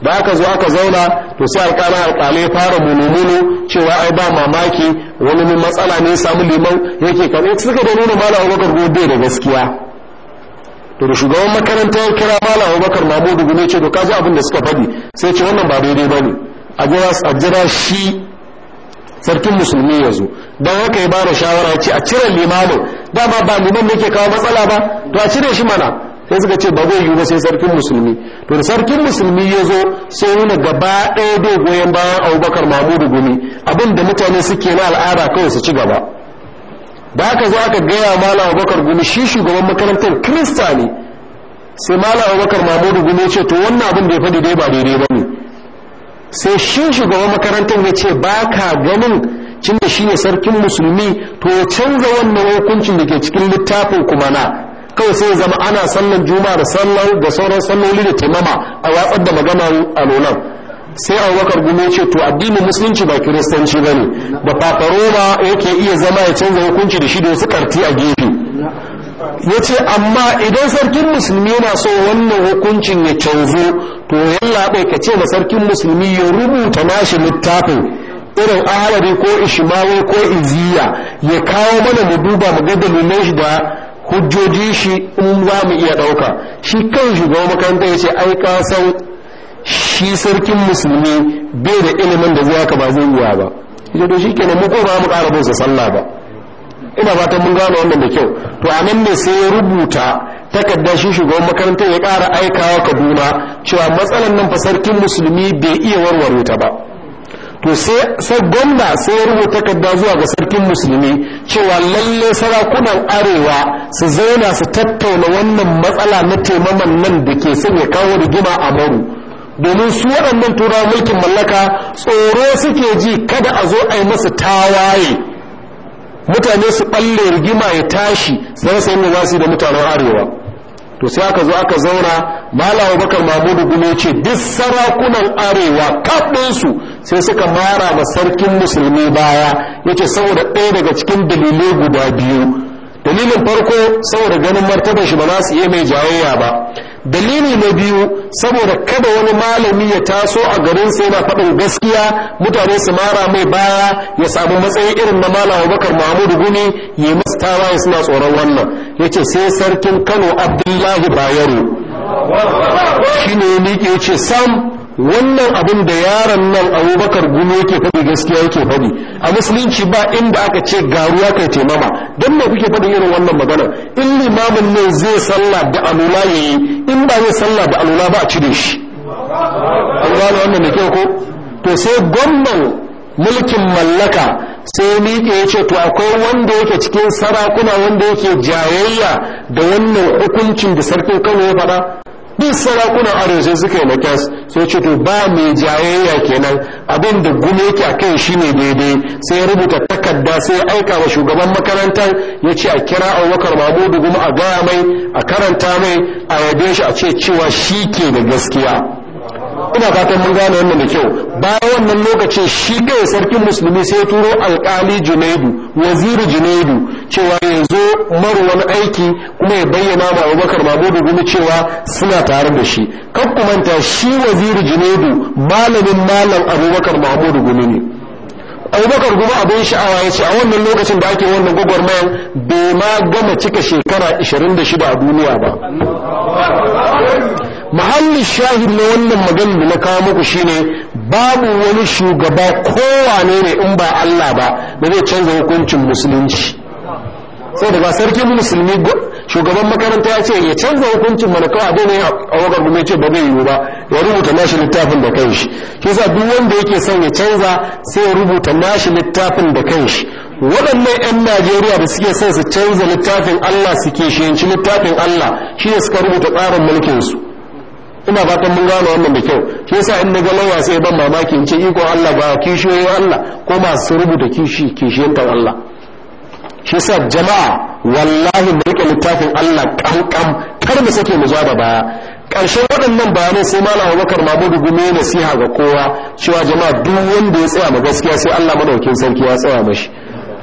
da aka zo aka zauna to sai alƙalin alƙalai ya fara munumunu cewa ai ba mamaki wani matsala ne samu liman yake kan suka da nuna malam abubakar gobe da gaskiya to da shugaban makaranta ya kira malam abubakar mahmudu gumi ce to kaji abin da suka faɗi sai ce wannan ba daidai ba ne a jira shi sarkin musulmi ya zo don haka ya bada shawara ce a cire limamin dama ba liman da ke kawo matsala ba to a cire shi mana sai suka ce ba zai yiwu ba sai sarkin musulmi to da sarkin musulmi ya zo sai na gaba ɗaya bai goyon bayan abubakar mahmudu gumi abin da mutane suke na al'ada kawai su ci gaba da ka zo aka gaya malam abubakar gumi shi shugaban makarantar kirista ne sai malam abubakar mamudu gumi ya ce to wannan abin da ya faɗi dai ba daidai ba ne sai shi shugaban makarantar ya ce ba ka ganin cin da shi ne sarkin musulmi to ya canza wannan hukuncin da ke cikin littafin kuma na kawai sai zama ana sallan juma'a da sallar da sauran salloli da taimama a watsar da magana a alolan sai abubakar gume ce to addinin musulunci ba kiristanci ba ne da fafaroma yake iya zama ya canza hukunci da shi da wasu karti a gefe ya ce amma idan sarkin musulmi yana so wannan hukuncin ya canzu to yalla bai ka ce ma sarkin musulmi ya rubuta nashi littafin irin ahalari ko ishimawo ko iziya ya kawo mana mu duba mu ga dalilan shi da hujjoji shi in za mu iya ɗauka shi kan shugaban makaranta ya ce ai ka san shi sarkin musulmi bai da ilimin da zuwa ka ba zai yiwa ba ita to ke nan muku ba mu ƙara bin sallah ba ina fatan mun gano wannan da kyau to a nan ne sai ya rubuta takarda shi shugaban makarantar ya ƙara aikawa kaduna cewa matsalar nan fa sarkin musulmi bai iya warware ta ba to sai gwamna sai ya rubuta takarda zuwa ga sarkin musulmi cewa lalle sarakunan arewa su zauna su tattauna wannan matsala na taimaman nan da ke son ya kawo rigima a maru domin su waɗannan turawa mulkin mallaka tsoro suke ji kada a zo a yi masa tawaye mutane su ɓalle rigima ya tashi sai sai mu za su da mutanen arewa to sai aka zo aka zauna malawa bakar mamudu gume ce duk sarakunan arewa kaɗinsu sai suka mara ma sarkin musulmi baya yace saboda ɗaya daga cikin dalilai guda biyu dalilin farko saboda ganin martabar shi ba za su iya mai jayayya ba dalili na biyu saboda kada wani malami ya taso a garin sai na faɗin gaskiya mutane su mara mai baya ya samu matsayi irin na malam abubakar mahmud gumi ya masu tawaye suna tsoron wannan ya ce sai sarkin kano abdullahi bayero shi ne ya miƙe ya ce sam wannan abin da yaron nan abubakar gumi yake faɗi gaskiya yake faɗi a musulunci ba inda aka ce garuwa kai taimama don me kuke faɗin irin wannan magana in limamin ne zai salla da alula ya yi in ba zai sallah da alula ba a cire shi an gano wannan da kyau ko to sai gwamnan mulkin mallaka sai miƙe ya ce to akwai wanda yake cikin sarakuna wanda yake jayayya da wannan hukuncin da sarkin kano ya faɗa duk sarakunan arewa sai suka yi nakas sai ce to ba mai jayayya kenan abin da gume yake a kan shi ne daidai sai ya rubuta takarda sai ya aika wa shugaban makarantar ya ce a kira abubakar mahmudu kuma a gaya mai a karanta mai a yabe shi a ce cewa shi ke da gaskiya ina fatan mun gane wannan da kyau bayan wannan lokacin shi ga sarkin musulmi sai turo alkali junaidu waziri junaidu cewa ya zo marwan aiki kuma ya bayyana ma abubakar mahmudu gumi cewa suna tare da shi kan kumanta shi waziri junaidu malamin malam abubakar mahmudu gumi ne abubakar gumi abin sha'awa ya ce a wannan lokacin da ake wannan gwagwarmayar bai ma gama cika shekara 26 a duniya ba muhallin shahid na wannan maganin da na kawo muku shine babu wani shugaba kowane ne in ba Allah ba da zai canza hukuncin musulunci sai da ba sarkin musulmi shugaban makaranta ya ce ya canza hukuncin mana kawai abin ne a wakar kuma ya ce ba zai yiwu ba ya rubuta nashi littafin da kanshi shi yasa duk wanda yake son ya canza sai ya rubuta nashi littafin da kanshi waɗannan 'yan najeriya da suke son su canza littafin allah suke ke littafin allah shi ne suka rubuta tsarin mulkinsu ina fatan mun gano wannan da kyau shi yasa in naga lauya sai ban mamaki in ce iko Allah ba kishiyoyin Allah ko masu rubuta kishi ta Allah shi yasa jama'a wallahi mu rike littafin Allah kankan kar mu sake mu zuwa baya ƙarshen waɗannan bayanai sai malam Abubakar Mahmudu gume nasiha ga kowa cewa jama'a duk wanda ya tsaya ma gaskiya sai Allah madaukin sarki ya tsaya mashi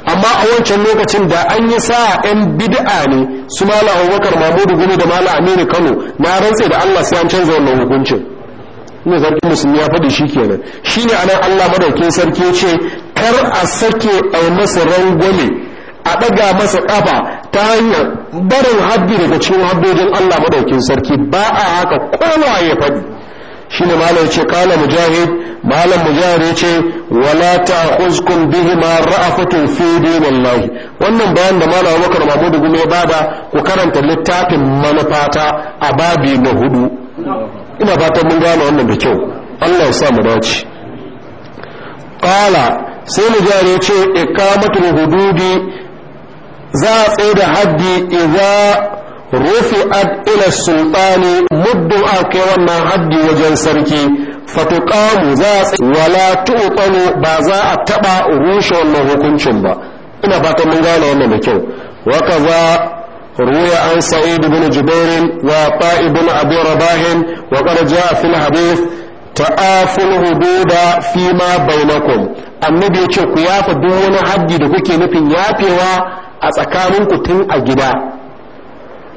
amma a wancan lokacin da an yi sa 'yan bid'a ne su mala abubakar mahmudu gudu da mala aminu kano na rantse da allah sai an canza wannan hukuncin ne zarki musulmi ya faɗi shi kenan shi ne anan allah madaukin sarki ce kar a sake a masa rangwame a ɗaga masa ƙafa ta hanyar barin haddi daga cikin haddojin allah madaukin sarki ba a haka kowa ya faɗi ne malam ce kala mujahid malam mujahid ce wala ta'khuzkum bihima ra'afatun fi dinillahi wannan bayan da malam Abubakar Mahmud gume ya bada ku karanta littafin manufata a babi na hudu ina fatan mun gane wannan da kyau Allah ya sa mu dace kala sai mujahid ce iqamatul hududi za a tsaye da haddi idza rufi'at ila sultani muddin a wannan haddi wajen sarki fatuqamu za wala tuqalu ba za a taba rushe wannan hukuncin ba ina fatan mun gane wannan da kyau wa kaza روي عن سعيد بن جبير وعطاء بن أبي رباح وقد جاء في الحديث ta'aful hududa fi ma bainakum annabi ya ce ku yafa duk wani haddi da kuke nufin yafewa a tsakaninku tun a gida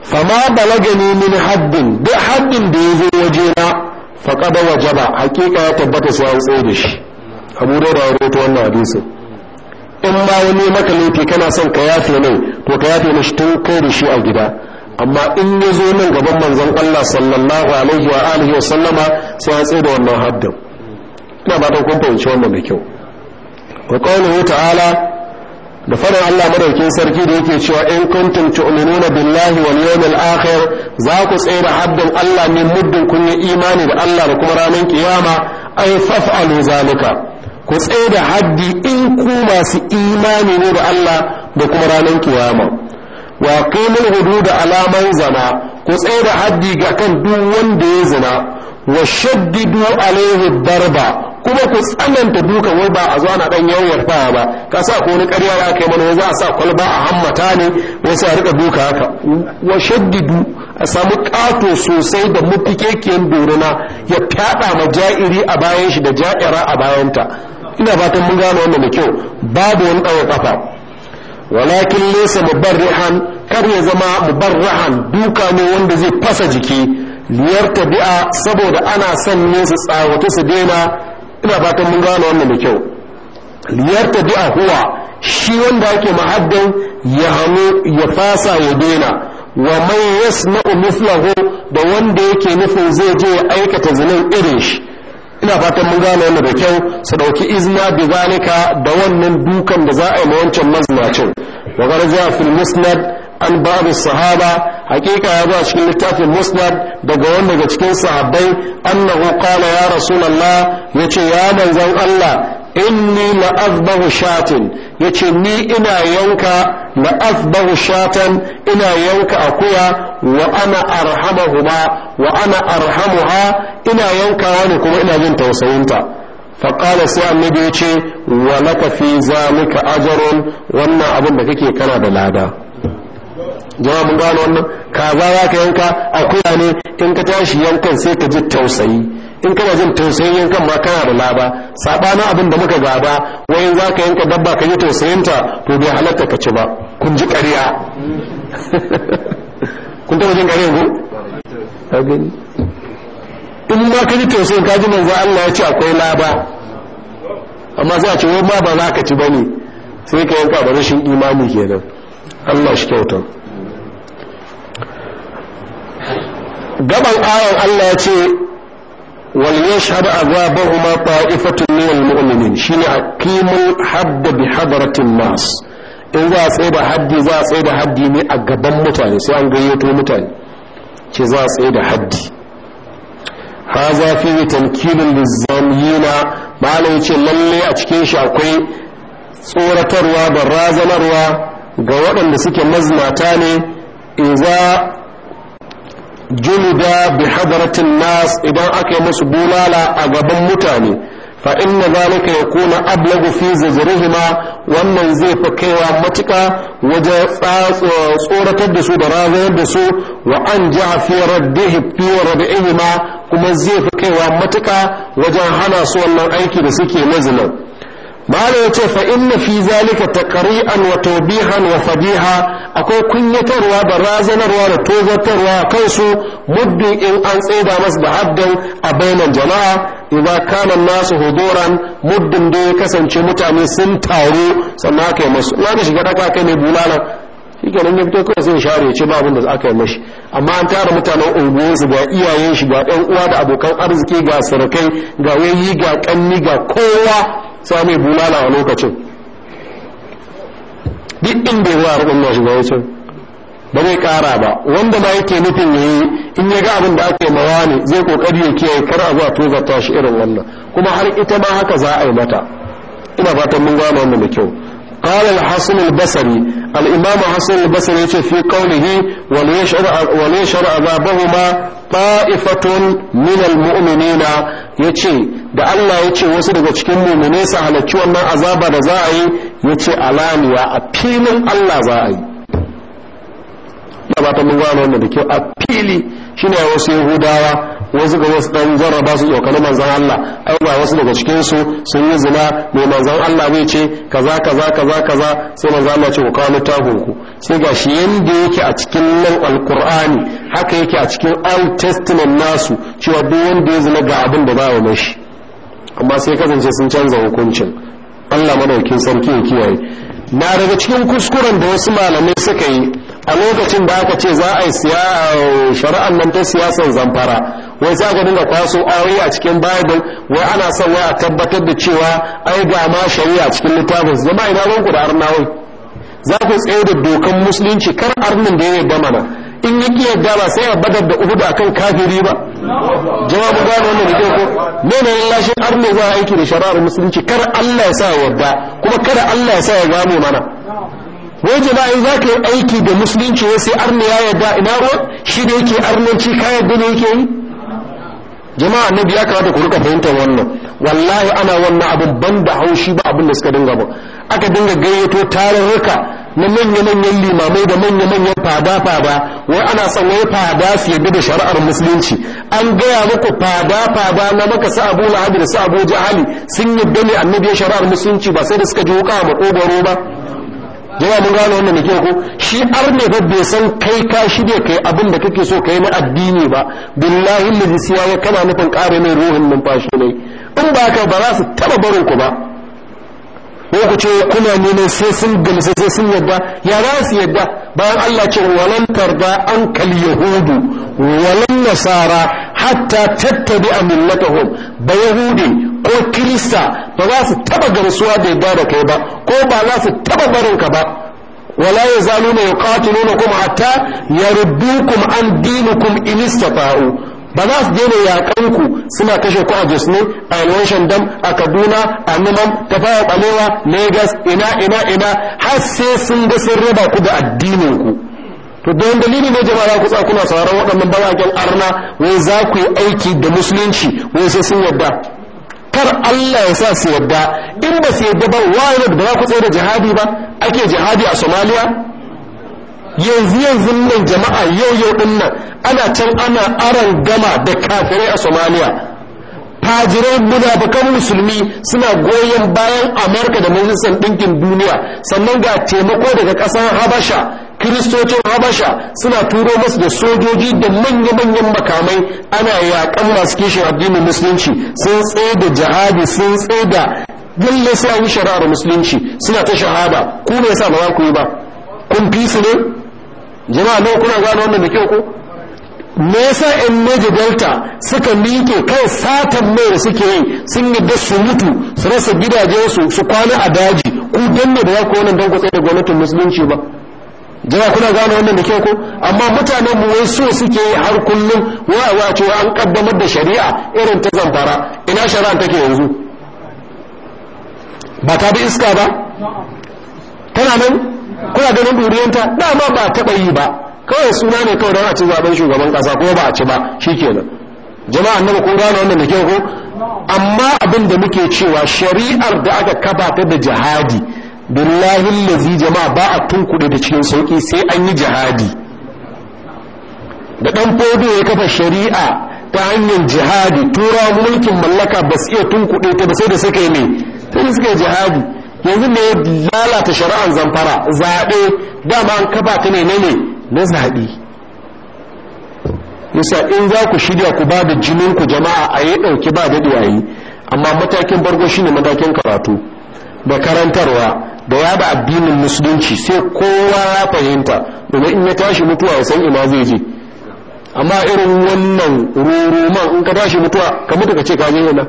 fama balagani min haddin duk haddin da ya zo wajena faƙada wajaba hakika ya tabbata sai an tsaye da shi abu da ya rawaito wannan hadisin in ma wani maka laifi kana son ka yafe mai to ka yafe mashi tun kai da shi a gida amma in ya zo nan gaban manzon Allah sallallahu alaihi wa alihi wa sallama sai an tsaye da wannan haddin ina ba ta kun fahimci wannan da kyau wa qawluhu ta'ala da faɗin Allah madaukin sarki da yake cewa in kuntum tu'minuna billahi wal yawmil akhir za ku tsere haddin Allah ne muddin kun yi imani da Allah da kuma ranar kiyama ay faf'alu zalika ku da haddi in ku masu imani ne da Allah da kuma ranar kiyama wa qimul hudud alaman zana ku da haddi ga kan duk wanda ya zina wa shaddidu alaihi darba kuma ku tsananta duka wai ba a zo ana dan yawan ba ba ka sa ko wani karya ya kai mana za a sa kwalba a hammata ne wai sai a rika duka haka wa shaddidu a samu ƙato sosai da mutukekiyar doruna ya fyaɗa ma ja'iri a bayan shi da ja'ira a bayanta ina fatan mun gano wannan da kyau babu wani ɗaura kafa walakin bar mubarrihan kar ya zama mu rahan duka ne wanda zai fasa jiki liyar tabi'a saboda ana son ne su tsawata su daina ina fatan mun gane wannan da kyau liyar ta bi'a huwa shi wanda ake ma'addan ya hannu ya fasa ya daina wa yas na mithlahu da wanda yake nufin zai je ya aikata zinin irin shi ina fatan mun gane wannan da kyau su dauki izna bi zalika da wannan dukan da za a yi ma wancan mazinacin wa garza fil musnad an ba'd sahaba hakika ya zo a cikin littafin musnad daga wanda cikin sahabbai annahu qala ya rasulullah yace ya manzon Allah inni la'azbahu shatin yace ni ina yanka la'azbahu shatan ina yanka akuya wa'ana ana arhamahuma arhamuha ina yankawa ne kuma ina jin tausayinta faƙala sai annabi ya ce wa laka fi zalika ajrun wannan abin da kake kana da lada jama mun gano wannan kaza za ka yanka kula ne in ka tashi yankan sai ka ji tausayi in kana jin tausayin yankan ma kana da laba sabanin abin da muka gaba wayin za ka yanka dabba ka yi tausayinta to bai halatta ka ci ba kun ji ƙarya [laughs] kun taɓa jin ƙarya ko ka gani in ma ka ji tausayin ka ji manzo Allah ya ce akwai laba amma sai a ce wai ma ba za ka ci bane sai ka yanka ba rashin imani kenan Allah shi kyauta gaban ayon Allah ya ce wal yashhadu azabahuma ta'ifatun min al-mu'minin shine aqimul hadd bi nas in za a tsaye da haddi za a tsaye da haddi ne a gaban mutane sai an gayyato mutane ce za a tsaye da haddi haza fi tamkinin lizzamiyina malam ce lalle a cikin shi akwai tsoratarwa da razanarwa ga waɗanda suke mazinata ne iza juluda bi hadratin nas idan aka yi musu bulala a gaban mutane fa inna zalika yakuna ablagu fi zajrihima wannan zai fi kaiwa matuka wajen tsoratar da su da razayar da su wa an ja'a fi raddihi fi radihima kuma zai fi kaiwa matuka wajen hana su wannan aiki da suke mazinan mala ya ce fa na fi zalika ƙari’an wa tawbihan wa fadiha akwai kunyatarwa da razanarwa da tozartarwa kansu muddin in an tsaida masu da haddan a bainan jama'a idza kana nasu huduran muddin da ya kasance mutane sun taru sannan aka yi masu wani shiga daga kai mai bulala shike nan ya fito kawai sai share ce ba abin da aka yi mashi amma an tara mutanen unguwarsu ga iyayen shi ga ɗan uwa da abokan arziki ga surukai ga wayi ga kanni ga kowa sami bulala a lokacin duk inda ya zuwa rukun mashi gawancin ba zai kara ba wanda ba yake nufin ya yi in ya ga abin da ake mawa ne zai kokari ya kiyaye kar a zuwa tozarta shi irin wannan kuma har ita ma haka za a yi mata ina fatan mun gano wannan da kyau قال الحسن البصري الإمام حسن البصري في قوله وليشرع, وليشرع بابهما طائفة من المؤمنين yace da Allah yace wasu daga cikin mumune su halarci wannan azaba da za a yi yace alaniya a filin Allah za a yi ya ba a fili shine wasu yahudawa wasu ga wasu ɗan jarraba su tsokani manzan Allah ai ba wasu daga cikin su sun yi zina mai manzan Allah bai ce kaza kaza kaza kaza sai manzon Allah ce ku kawo littafin ku sai ga shi yanda yake a cikin nan alkur'ani haka yake a cikin old testament nasu cewa duk wanda ya zina ga abin da ba wa mashi amma sai kasance sun canza hukuncin Allah madaukin sarki ya kiyaye na daga cikin kuskuren da wasu malamai suka yi a lokacin da aka ce za a yi eh, shari'ar nan ta siyasar zamfara wai za aka dinga kwaso aure a cikin bible wai ana son wai a tabbatar da cewa ai ga ma shari'a cikin littafin zama ina ranku da arnawai za ku tsaye da dokan musulunci kar arnin da ya yarda mana in ya ki yarda ba sai a badar da uhudu kan kafiri ba jawabu gano wannan da ko ne ne lashe arne za a aiki da shari'ar musulunci kar Allah ya sa ya yarda kuma kada Allah ya sa ya gano mana wai jama'a za ka yi aiki da musulunci wai sai arna ya yarda ina ruwa shi da yake arnanci ka yadda ne yake yi jama'a biya ya da ku rika fahimtar wannan wallahi ana wannan abin ban da haushi ba abin da suka dinga ba aka dinga gayyato rika na manya-manyan limamai da manya-manyan fada-fada wai ana son wai fada su yadda da shari'ar musulunci an gaya muku fada-fada na maka sa abu lahabi da sa abu jahali sun yadda ne annabi shari'ar musulunci ba sai da suka ji wuka a makogwaro ba jama'a mun gano wannan da ko shi ne fa bai san kai ka shirya kai abin da kake so kai na addini ba billahi lillahi siya kana nufin kare mai ruhin numfashi ne in ba ka ba za su taba barin ku ba ko ku ce kuna neman sai sun gamsu sai sun yadda ya za su yadda bayan Allah ce walan tarda an kal yahudu walan nasara hatta tattabi a millatahum ba yahudi ko kirista ba za su taba gamsuwa da yadda da kai ba ko ba za su taba barin ka ba wala yazaluna yuqatilunakum hatta yaruddukum an dinukum in istata'u ba za su daina yakan ku suna kashe ku a Jos a yalwashen dam a Kaduna a Numan ta fara Balewa legas ina ina ina har sai sun ga sun raba ku da addininku. to don dalili ne jama'a za ku tsaya kuna sauraron waɗannan bawaƙen arna wai za ku yi aiki da musulunci wai sai sun yarda kar Allah ya sa su yarda in ba su yarda ba wani da ba za ku tsaye da jihadi ba ake jihadi a somaliya. yanzu yanzu nan jama'a yau yau din nan ana can ana aran gama da kafirai a somaliya fajirai munafikan musulmi suna goyon bayan amurka da majalisar ɗinkin duniya sannan ga taimako daga ƙasar habasha kiristocin habasha suna turo masu da sojoji da manya-manyan makamai ana yaƙan masu kishin addinin musulunci sun tsaye da jihadi sun tsaye da lalle suna yi shari'ar musulunci suna ta shahada ku ne sa ba za ku yi ba kun fi su ne jama'a nawa kuna gane wannan da kyau ko me yasa in meje Delta suka miƙe kai satan mai da suke yi sun da su mutu su rasa gidajensu su kwana a daji ku danne da za ku wannan don kwatsai da gwamnatin musulunci ba jama'a kuna gane wannan da kyau ko amma mutanen mu wai so suke yi har kullum wa wa ce an kaddamar da shari'a irin ta zamfara ina shari'a take yanzu ba ta bi iska ba tana nan kuna ganin duriyanta dama ba taɓa yi ba kawai suna ne kawai don a ci zaben shugaban ƙasa ko ba a ci ba shi nan jama'a annabi ko gano wannan da kyau ko amma abin da muke cewa shari'ar da aka kafa ta da jihadi billahi lazi jama'a ba a tunkuɗe da cikin sauki sai an yi jihadi da ɗan fodo ya kafa shari'a ta hanyar jihadi turawa mulkin mallaka ba su iya tunkuɗe ta ba sai da suka yi sai da suka yi jihadi yanzu ne lalata shari'ar zamfara zaɓe dama an kafa ta ne na ne na zaɓe yasa in za ku shirya ku ba da jinin ku jama'a a yi ɗauki ba daɗi a yi amma matakin bargo shine matakin karatu da karantarwa da ya ba addinin musulunci sai kowa ya fahimta domin in ya tashi mutuwa ya san ina zai je amma irin wannan ruruman in ka tashi mutuwa ka mutu ka ce ka je yana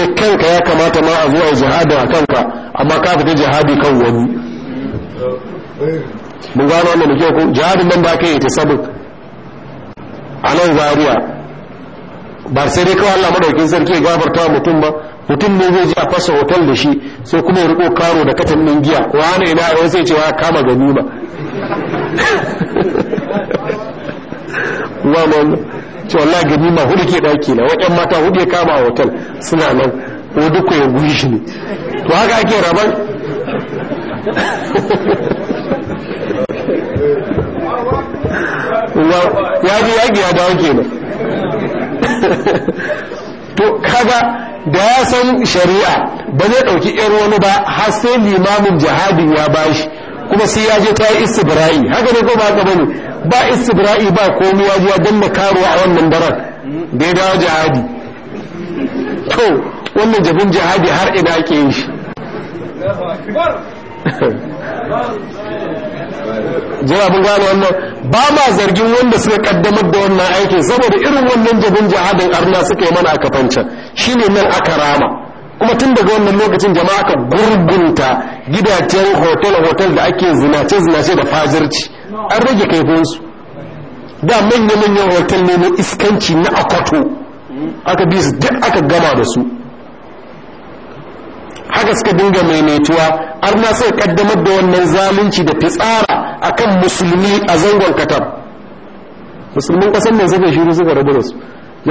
kai kanka ya kamata ma a a jihadi a kanka amma ka fita jihadi kan wani mun gano wannan muke ko jihadin nan ba kai ta sabon a nan zariya ba sai dai kawai Allah madaukin sarki ya gafarta mutum ba mutum ne zai je a fasa hotel da shi sai kuma ya riko karo da katin ɗin giya wani ina a sai cewa kama ganima kun gano wannan gani ma hudu ke daki na waɗin mata hudu ya kama a hotel suna nan ko duk ya guri shi ne to haka ake raban [laughs] ya fi yaki ya dawo kenan [laughs] to kaga da ya san shari'a ba zai ɗauki ‘yar wani ba har sai limamin jihadin ya bashi kuma sai ya je ta yi istibra'i haka ne ko ba haka bane ba istibra'i ba komai ya ji ya danna karuwa a wannan daren da ya dawo jihadi to wannan jabin jihadi har ina ke yin shi jira bin gane wannan ba ma zargin wanda suka kaddamar da wannan aikin saboda irin wannan jabin jihadin arna suka yi mana a kafancan ne nan aka rama kuma tun daga wannan lokacin jama'a ka gurgunta gidajen hotel-hotel da ake zinace-zinace da fazirci an rage kaifinsu da manya-manyan hotel ne na iskanci na akwato aka bi su duk aka gama da su haka suka dinga maimaituwa har na sai kaddamar da wannan zalunci da fitsara akan musulmi a zangon katar musulmin kasan nan suka shiru suka rabu da su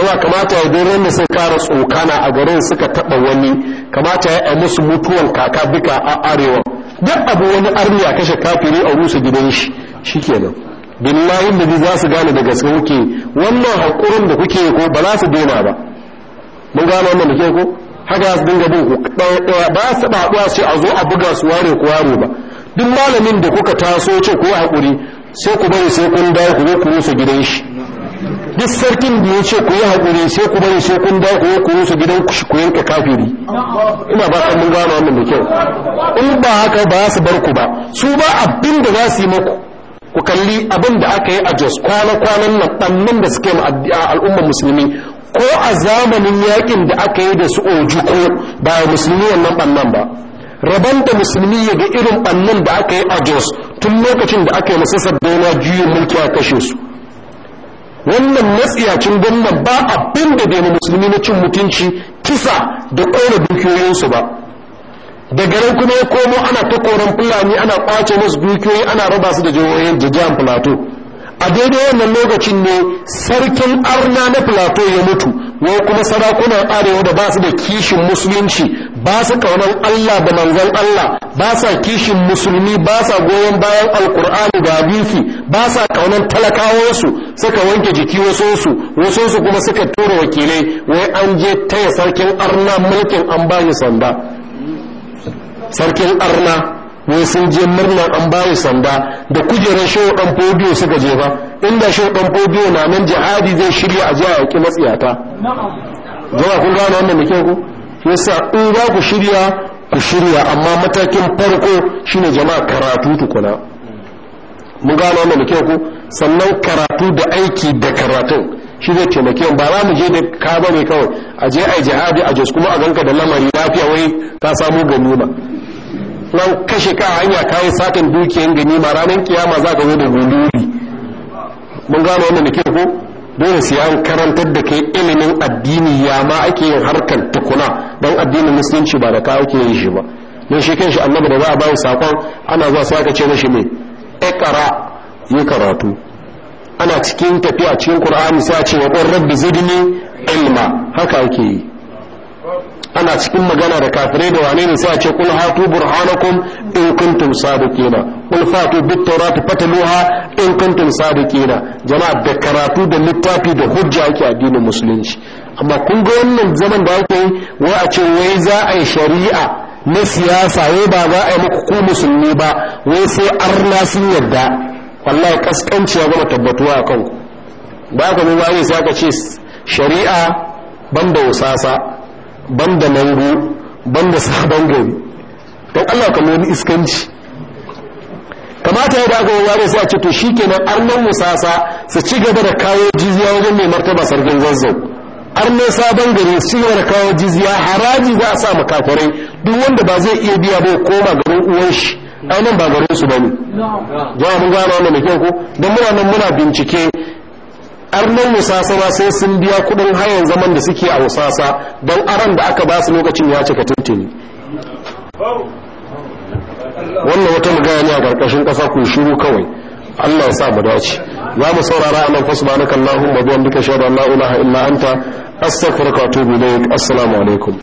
yana kamata ya dai ne sai kara tsokana a garin suka taba wani kamata ya musu mutuwan kaka duka a arewa duk abu wani arni a kashe kafiri a rusa gidan shi shikenan billahi da za su gane da gaske kuke wannan hakurin da kuke ko ba za su daina ba mun gane wannan da ko haka su dinga bin ku ba su haɗuwa ce a zo a buga su ware ku ware ba duk malamin da kuka taso ce ko hakuri sai ku bari sai kun dawo ku ku rusa gidan shi duk sarkin da ya ce ku yi haƙuri sai ku bari sai kun dawo ku ku gidan ku ku yanka kafiri ina ba san mun gano wannan da kyau in ba haka ba su bar ku ba su ba abin da za su yi muku ku kalli abin da aka yi a Jos kwana-kwanan nan ɗannan da suke al'ummar musulmi ko a zamanin yakin da aka yi da su ko ba musulmi wannan ɓannan ba rabon da musulmi ya ga irin ɓannan da aka yi a Jos tun lokacin da aka yi masasar dauna juyin mulki a kashe su wannan matsiyacin gwamnan ba abin da bai musulmi na cin mutunci kisa da ƙona dukiyoyinsu ba da garin kuma ya komo ana ta koran fulani ana kwace musu dukiyoyi ana raba su da jihohin jijiyar filato a daidai wannan lokacin ne sarkin arna na filato ya mutu wai kuma sarakunan arewa da ba su da kishin musulunci ba su kaunar Allah da manzon Allah ba sa kishin musulmi ba sa goyon bayan alkur'ani da hadisi ba sa kaunar talakawansu suka wanke jiki wasunsu wasunsu kuma suka tura wakilai wai an je taya sarkin arna mulkin an bayi sanda sarkin arna wai sun je murna an bayi sanda da kujerar shehu dan fodiyo suka je ba inda shehu dan na nan jihadi zai shirya a jiya yaki matsiyata yasa in za ku shirya ku shirya amma matakin farko shine jama'a karatu tukuna mun gano wannan kyau ku sannan karatu da aiki da karatu shi zai taimake ba za mu je da ka bane kawai a je a jihadi a jos kuma a ganka da lamari lafiya wai ta samu ba nan kashe ka hanya kayi satan dukiyan ganima ranar kiyama za ka zo da gunduri mun gano wannan da kyau ko dole sai an karantar da kai ilimin addini ya ma ake yin harkar tukuna don addinin musulunci ba da ka ake yin shi ba don shi kanshi annabi da za a bayi sakon ana zuwa sai aka ce mashi mai ikara yi karatu ana cikin tafiya cikin qur'ani sai a ce wa rabbi zidni ilma haka ake yi ana cikin magana da kafirai da wane ne sai a ce kul hatu burhanakum in kuntum sadiqina kul fatu bit fataluha in kuntum sadiqina jama'a da karatu da littafi da hujja ake addinin musulunci amma kun ga wannan zaman da ake yi wai a ce wai za a yi shari'a na siyasa wai ba za a yi muku ku musulmi ba wai sai arna sun yarda wallahi kaskanci ya gama tabbatuwa a kanku ba ka mu ba sai ka ce shari'a banda wasasa banda mango banda sabon gari don allah kamar wani iskanci kamata ya daga wani sai a ce to shi kenan arnan musasa su ci gaba da kawo jiziya wajen mai martaba sarkin zazzau arnan sabon gari su gaba kawo jiziya haraji za a sa makafarai duk wanda ba zai iya biya ba koma garin uwan shi ainihin ba garin su ba ne jawabin mun gano wannan da kyau ko don muna nan muna bincike musasa ba sai sun biya kudin hayan zaman da suke a musasa don aran da aka ba su lokacin ya cika tuntuni wannan wata magana ne a karkashin kasa ku shiru kawai Allah ya sa mu dace za mu saurara anan fa subhanakallahumma wa bihamdika shada la ilaha illa anta astaghfiruka wa atubu ilayk assalamu alaikum